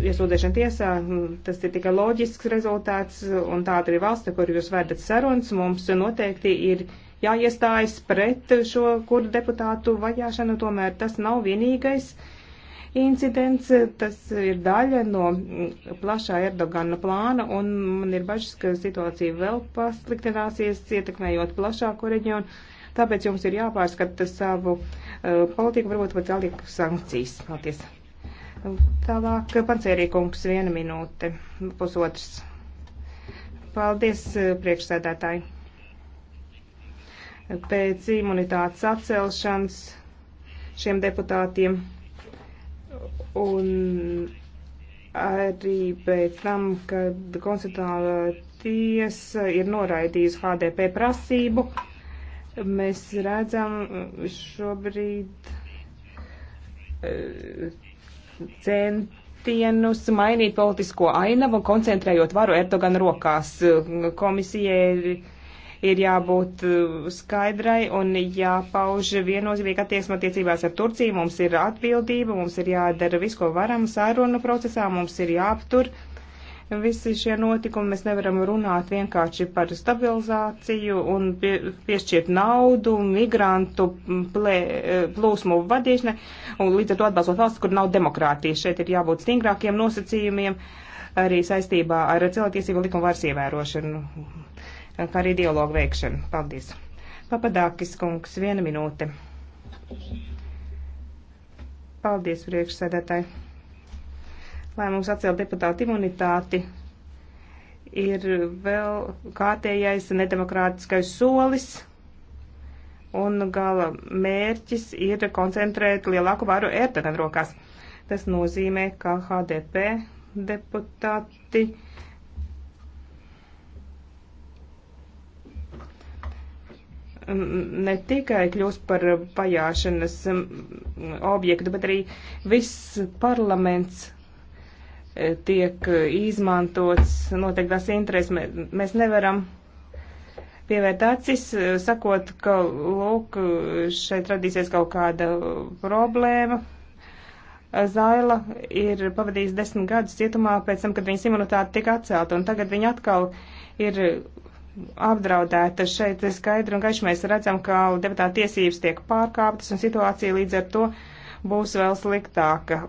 iesūdzēšana tiesā, nu, tas ir tikai loģisks rezultāts, un tāda ir valsts, kur jūs vedat sarunas, mums noteikti ir jāiestājas pret šo kurdu deputātu vajāšanu, tomēr tas nav vienīgais incidents. Tas ir daļa no plašā Erdogana plāna, un man ir bažas, ka situācija vēl pasliktināsies, ietekmējot plašāko reģionu. Tāpēc jums ir jāpārskata savu uh, politiku, varbūt pat jāliek sankcijas. Paldies. Tālāk, pancērīkungs, viena minūte, pusotrs. Paldies, eh, priekšsēdētāji. Pēc imunitātes atcelšanas šiem deputātiem Un arī pēc tam, kad konstitucionāla tiesa ir noraidījusi HDP prasību, mēs redzam šobrīd eh, centienus mainīt politisko ainavu, koncentrējot varu Erdogana rokās. Komisijai ir jābūt uh, skaidrai un jāpauž viennozīmīga attieksme attiecībās ar Turciju. Mums ir atbildība, mums ir jādara viss, ko varam sarunu procesā, mums ir jāaptur visi šie notikumi. Mēs nevaram runāt vienkārši par stabilizāciju un piešķirt naudu, migrantu plē, eh, plūsmu vadīšanai un līdz ar to atbalstot valsts, kur nav demokrātijas. Šeit ir jābūt stingrākiem nosacījumiem arī saistībā ar cilvēktiesību likumvaras ievērošanu kā arī dialogu veikšanu. Paldies. Papadākis kungs, viena minūte. Paldies, priekšsēdētāji. Lai mums atcelt deputātu imunitāti, ir vēl kārtējais nedemokrātiskais solis, un gala mērķis ir koncentrēt lielāku varu Erdogan rokās. Tas nozīmē, ka HDP deputāti ne tikai kļūst par vajāšanas objektu, bet arī viss parlaments e, tiek izmantots noteiktās intereses. Mēs nevaram pievērt acis, e, sakot, ka, lūk, šeit radīsies kaut kāda problēma. Zaila ir pavadījis desmit gadus cietumā pēc tam, kad viņas imunitāte tika atcelta, un tagad viņa atkal ir apdraudēta. Šeit skaidri un gaiši mēs redzam, ka deputāta tiesības tiek pārkāptas un situācija līdz ar to būs vēl sliktāka.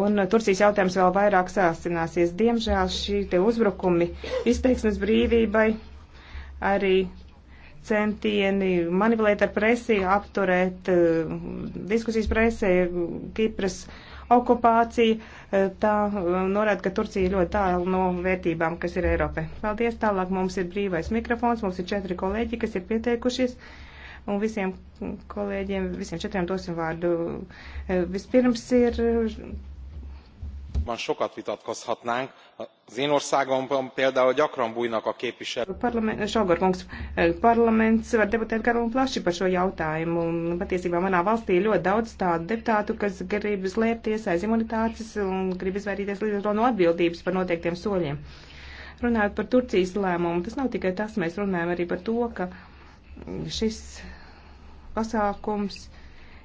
Un Turcijas jautājums vēl vairāk sāsināsies. Diemžēl šī te uzbrukumi izteiksmes brīvībai arī centieni manipulēt ar presi, apturēt uh, diskusijas presē, Kipras uh, okupācija. Eh, tā eh, norāda, ka Turcija ļoti tālu no vērtībām, kas ir Eiropai. Paldies, tālāk mums ir brīvais mikrofons, mums ir četri kolēģi, kas ir pieteikušies. Un visiem kolēģiem, visiem četriem dosim vārdu. Eh, vispirms ir témában sokat vitatkozhatnánk az én országomban például gyakran bújnak a képviselők. Šogorkungs, parlaments var debatēt garu un plaši mm, par šo jautājumu. Un, patiesībā manā valstī ir ļoti daudz tādu deputātu, kas grib slēpties aiz imunitātes un grib izvairīties līdz ar to no atbildības par noteiktiem soļiem. Runājot par Turcijas lēmumu, tas nav tikai tas, mēs runājam arī par to, ka šis pasākums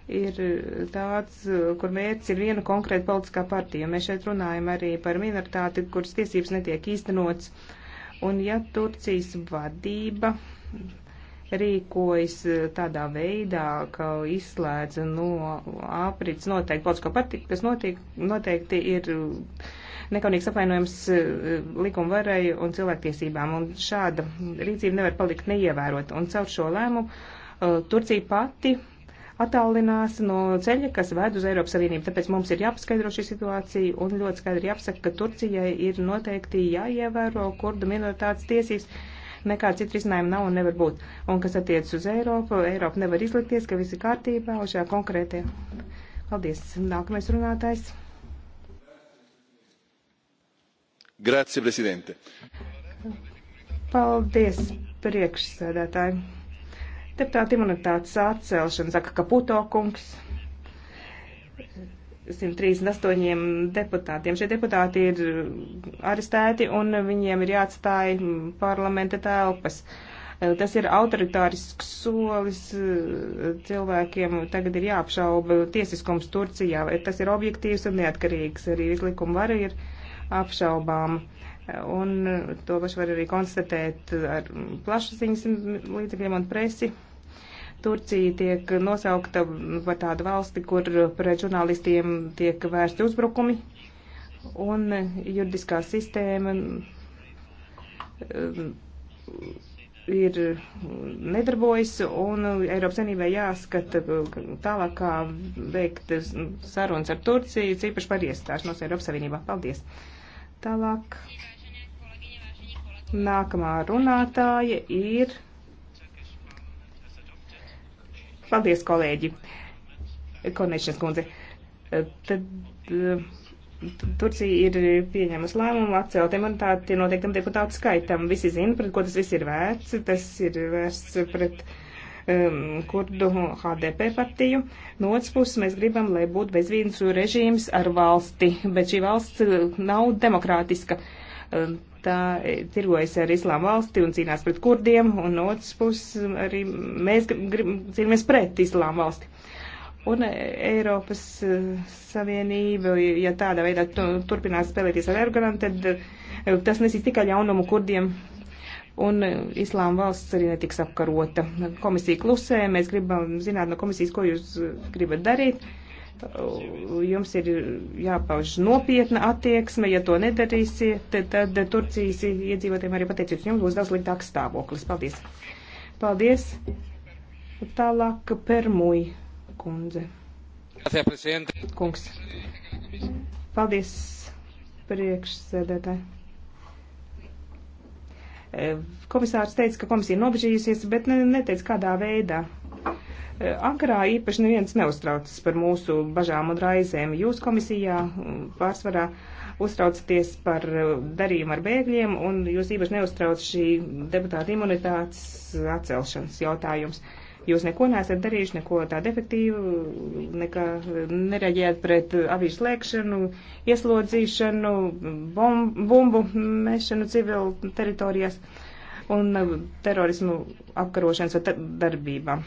ir eh, tāds, eh, kur mērķis ir viena konkrēta politiskā partija. Mēs šeit runājam arī par minoritāti, kuras tiesības netiek īstenots. Un ja Turcijas vadība rīkojas eh, tādā veidā, ka izslēdz no aprits noteikti politisko partiju, kas notiek, noteikti ir nekaunīgs apvainojums likuma varai un cilvēktiesībām. Un šāda rīcība nevar palikt neievērota. Un caur šo lēmumu Turcija pati attālinās no ceļa, kas ved uz Eiropas Savienību. Tāpēc mums ir jāpaskaidro šī situācija un ļoti skaidri jāpasaka, ka Turcijai ir noteikti jāievēro kurdu minoritātes tiesības. Nekāda cita risinājuma nav un nevar būt. Un kas attiec uz Eiropu, Eiropa nevar izlikties, ka viss ir kārtībā uz šajā konkrētajā. Paldies. Nākamais runātājs. Grazie, prezidente. Paldies, priekšsēdētāji. Deputāta imunitātes atcelšana, saka Kaputo kungs. 138 deputātiem. Šie deputāti ir arestēti un viņiem ir jāatstāj parlamenta telpas. Tas ir autoritārisks solis eh, cilvēkiem. Tagad ir jāapšauba tiesiskums Turcijā, vai tas ir objektīvs un neatkarīgs. Arī izlikuma vara ir apšaubāma. Un e, to pašu var arī konstatēt ar plašsaziņas līdzekļiem un presi. Turcija tiek nosaukta par tādu valsti, kur pret žurnālistiem tiek vērsti uzbrukumi, un e, juridiskā sistēma e, ir nedarbojas, un Eiropas Savienībai jāskata tālāk, kā veikt sarunas ar Turciju, cīpaši par iestāšanos Eiropas Savienībā. Paldies! Tālāk. Nākamā runātāja ir. Paldies, kolēģi. Konečnes kundze. Tad eh, Turcija ir pieņēmusi lēmumu atcelt imunitāti noteiktam deputātu skaitam. Visi zina, pret ko tas viss ir vērts. Tas ir vērsts pret um, kurdu HDP partiju. No otras puses, mēs gribam, lai būtu bezvīnsu režīms ar valsti, bet šī valsts eh, nav demokrātiska. Um, tā tirgojas ar islāma valsti un cīnās pret kurdiem, un no otras puses arī mēs cīnāmies pret islāma valsti. Un e, Eiropas e, Savienība, ja tādā veidā turpinās spēlēties ar Erdogan, tad e, tas nesīs tikai ļaunumu kurdiem. Un islāma valsts arī netiks apkarota. Komisija klusē, mēs gribam zināt no komisijas, ko jūs gribat darīt. Uh, jums ir jāpauž nopietna attieksme, ja to nedarīsiet, tad, tad Turcijas iedzīvotiem arī pateicības jums būs daudz sliktāks stāvoklis. Paldies! Paldies! Tālāk Permuj kundze. Kungs. Paldies, priekšsēdētāji. Komisārs teica, ka komisija nobežījusies, bet neteica kādā veidā. Eh, Agrā īpaši neviens neuztraucas par mūsu bažām un raizēm. Jūs komisijā mm, pārsvarā uztraucaties par eh, darījumu ar bēgļiem, un jūs īpaši neuztrauc šī deputāta imunitātes atcelšanas jautājums. Jūs neko neesat darījuši, neko tādu efektīvu, nekā eh, nereaģējat pret avīžu slēgšanu, ieslodzīšanu, bombu, bumbu mešanu civilu teritorijās un terorismu apkarošanas darbībām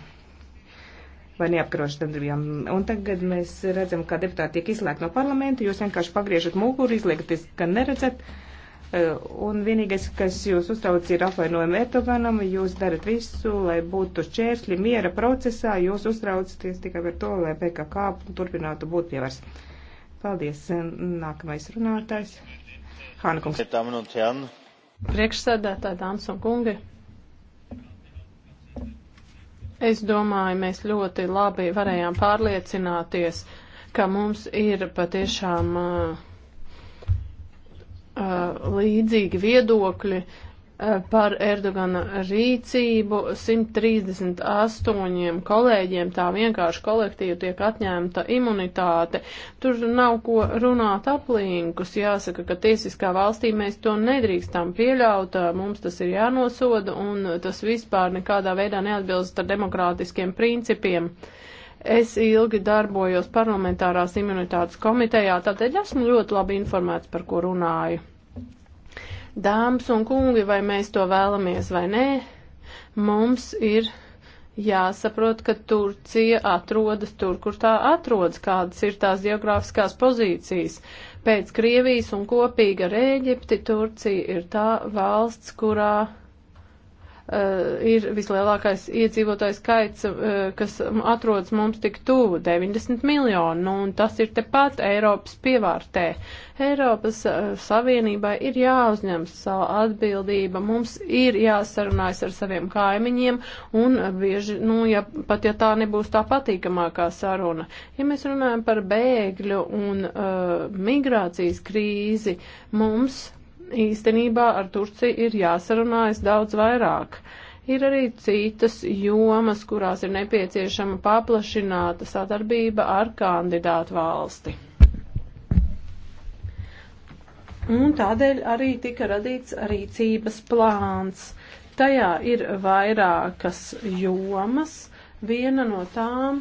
vai neapkarošanas darbībām. Un tagad mēs redzam, kā deputāti tiek izslēgti no parlamenta, jūs vienkārši pagriežat muguru, izliekaties, ka neredzat. Eh, un vienīgais, kas jūs uztrauc, ir apvainojumi Erdoganam, jūs darat visu, lai būtu šķēršļi miera procesā, jūs uztraucaties tikai par to, lai PKK turpinātu būt pievars. Paldies. Nākamais runātājs. Hāna kungs. Priekšsēdētāji, dāmas un kungi. Es domāju, mēs ļoti labi varējām pārliecināties, ka mums ir patiešām uh, uh, līdzīgi viedokļi. Uh, Eh, par Erdogana rīcību 138 kolēģiem tā vienkārši kolektīvi tiek atņemta imunitāte. Tur nav ko runāt aplinkus. Jāsaka, ka tiesiskā valstī mēs to nedrīkstam pieļaut, eh, mums tas ir jānosoda un tas vispār nekādā veidā neatbilst ar demokrātiskiem principiem. Es ilgi darbojos parlamentārās imunitātes komitejā, tātad esmu ļoti labi informēts, par ko runāju. Dāmas un kungi, vai mēs to vēlamies vai nē, mums ir jāsaprot, ka Turcija atrodas tur, kur tā atrodas, kādas ir tās geogrāfiskās pozīcijas. Pēc Krievijas un kopīga ar Ēģipti Turcija ir tā valsts, kurā Eh, ir vislielākais iedzīvotājs skaits, eh, kas atrodas mums tik tuvu - 90 miljoni, nu, un tas ir tepat Eiropas pievārtē. Eiropas eh, Savienībai ir jāuzņems savu atbildību, mums ir jāsarunājas ar saviem kaimiņiem, un bieži, nu, ja, pat ja tā nebūs tā patīkamākā saruna. Ja mēs runājam par bēgļu un uh, migrācijas krīzi, mums īstenībā ar Turciju ir jāsarunājas daudz vairāk. Ir arī citas jomas, kurās ir nepieciešama paplašināta sadarbība ar kandidātu valsti. Un tādēļ arī tika radīts rīcības plāns. Tajā ir vairākas jomas. Viena no tām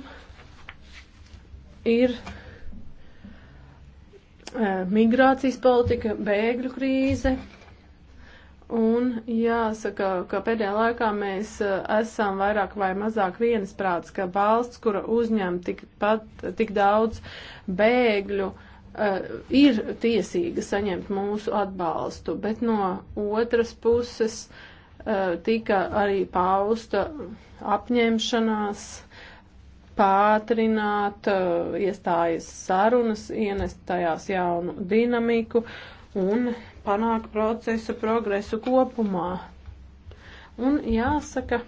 ir Eh, migrācijas politika, bēgļu krīze. Un jāsaka, ka pēdējā laikā mēs eh, esam vairāk vai mazāk viensprāts, ka valsts, kura uzņem tik, pat, tik daudz bēgļu, eh, ir tiesīga saņemt mūsu atbalstu, bet no otras puses tika arī pausta apņemšanās pātrināt uh, iestājas sarunas, ienest tajās jaunu dinamiku un panākt procesa progresu kopumā. Un jāsaka,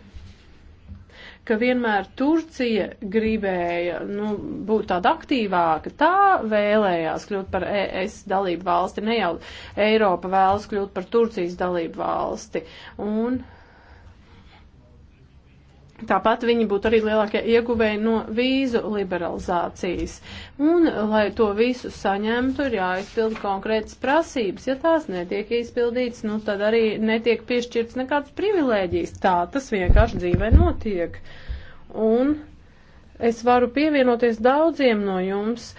ka vienmēr Turcija gribēja nu, būt tāda aktīvāka, tā vēlējās kļūt par ES dalību valsti, ne jau Eiropa vēlas kļūt par Turcijas dalību valsti. Un Tāpat viņi būtu arī lielākie ieguvēji no vīzu liberalizācijas. Un, lai to visu saņemtu, ir jāizpilda konkrētas prasības. Ja tās netiek izpildītas, nu tad arī netiek piešķirts nekādas privilēģijas. Tā tas vienkārši dzīvē notiek. Un es varu pievienoties daudziem no jums.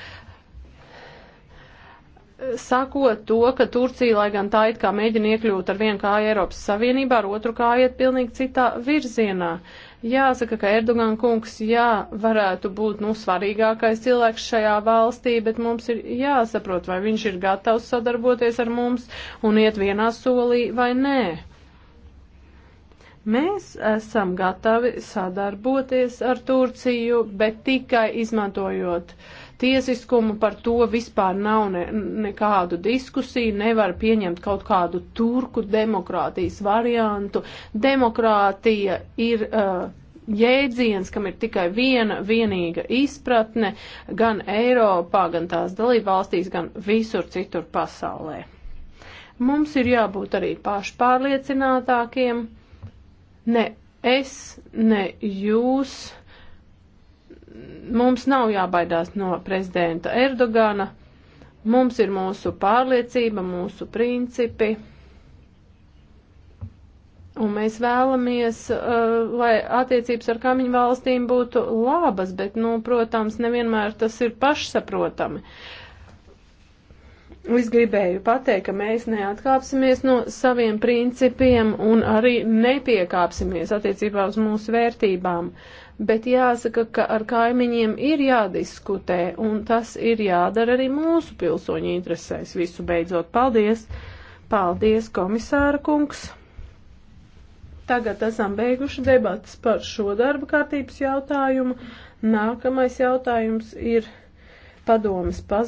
Uh, sakot to, ka Turcija, lai gan tā it kā mēģina iekļūt ar vienu kāju Eiropas Savienībā, ar otru kāju iet pilnīgi citā virzienā. Uh, Jāsaka, ka Erdogan kungs, jā, varētu būt, nu, svarīgākais cilvēks šajā valstī, bet mums ir jāsaprot, vai viņš ir gatavs sadarboties ar mums un iet vienā solī vai nē. Mēs esam gatavi sadarboties ar Turciju, bet tikai izmantojot uh, tiesiskumu, par to vispār nav ne, nekādu diskusiju, nevar pieņemt kaut kādu turku demokrātijas variantu. Demokrātija ir. Uh, Jēdziens, kam ir tikai viena vienīga izpratne gan Eiropā, gan tās dalībvalstīs, gan visur citur pasaulē. Mums ir jābūt arī pašpārliecinātākiem. Ne es, ne jūs mums nav jābaidās no prezidenta Erdogana. Mums ir mūsu pārliecība, mūsu principi. Un mēs vēlamies, uh, lai attiecības ar kaimiņu valstīm būtu labas, bet, nu, protams, nevienmēr tas ir pašsaprotami. Es gribēju pateikt, ka mēs neatkāpsimies no saviem principiem un arī nepiekāpsimies attiecībā uz mūsu vērtībām. Uh, bet jāsaka, ka ar kaimiņiem ir jādiskutē, un tas ir jādara arī mūsu pilsoņu interesēs. Visu beidzot, paldies! Paldies, komisāra kungs! Tagad esam beiguši debatas par šo darba kārtības jautājumu. Nākamais jautājums ir padomas paziņojums.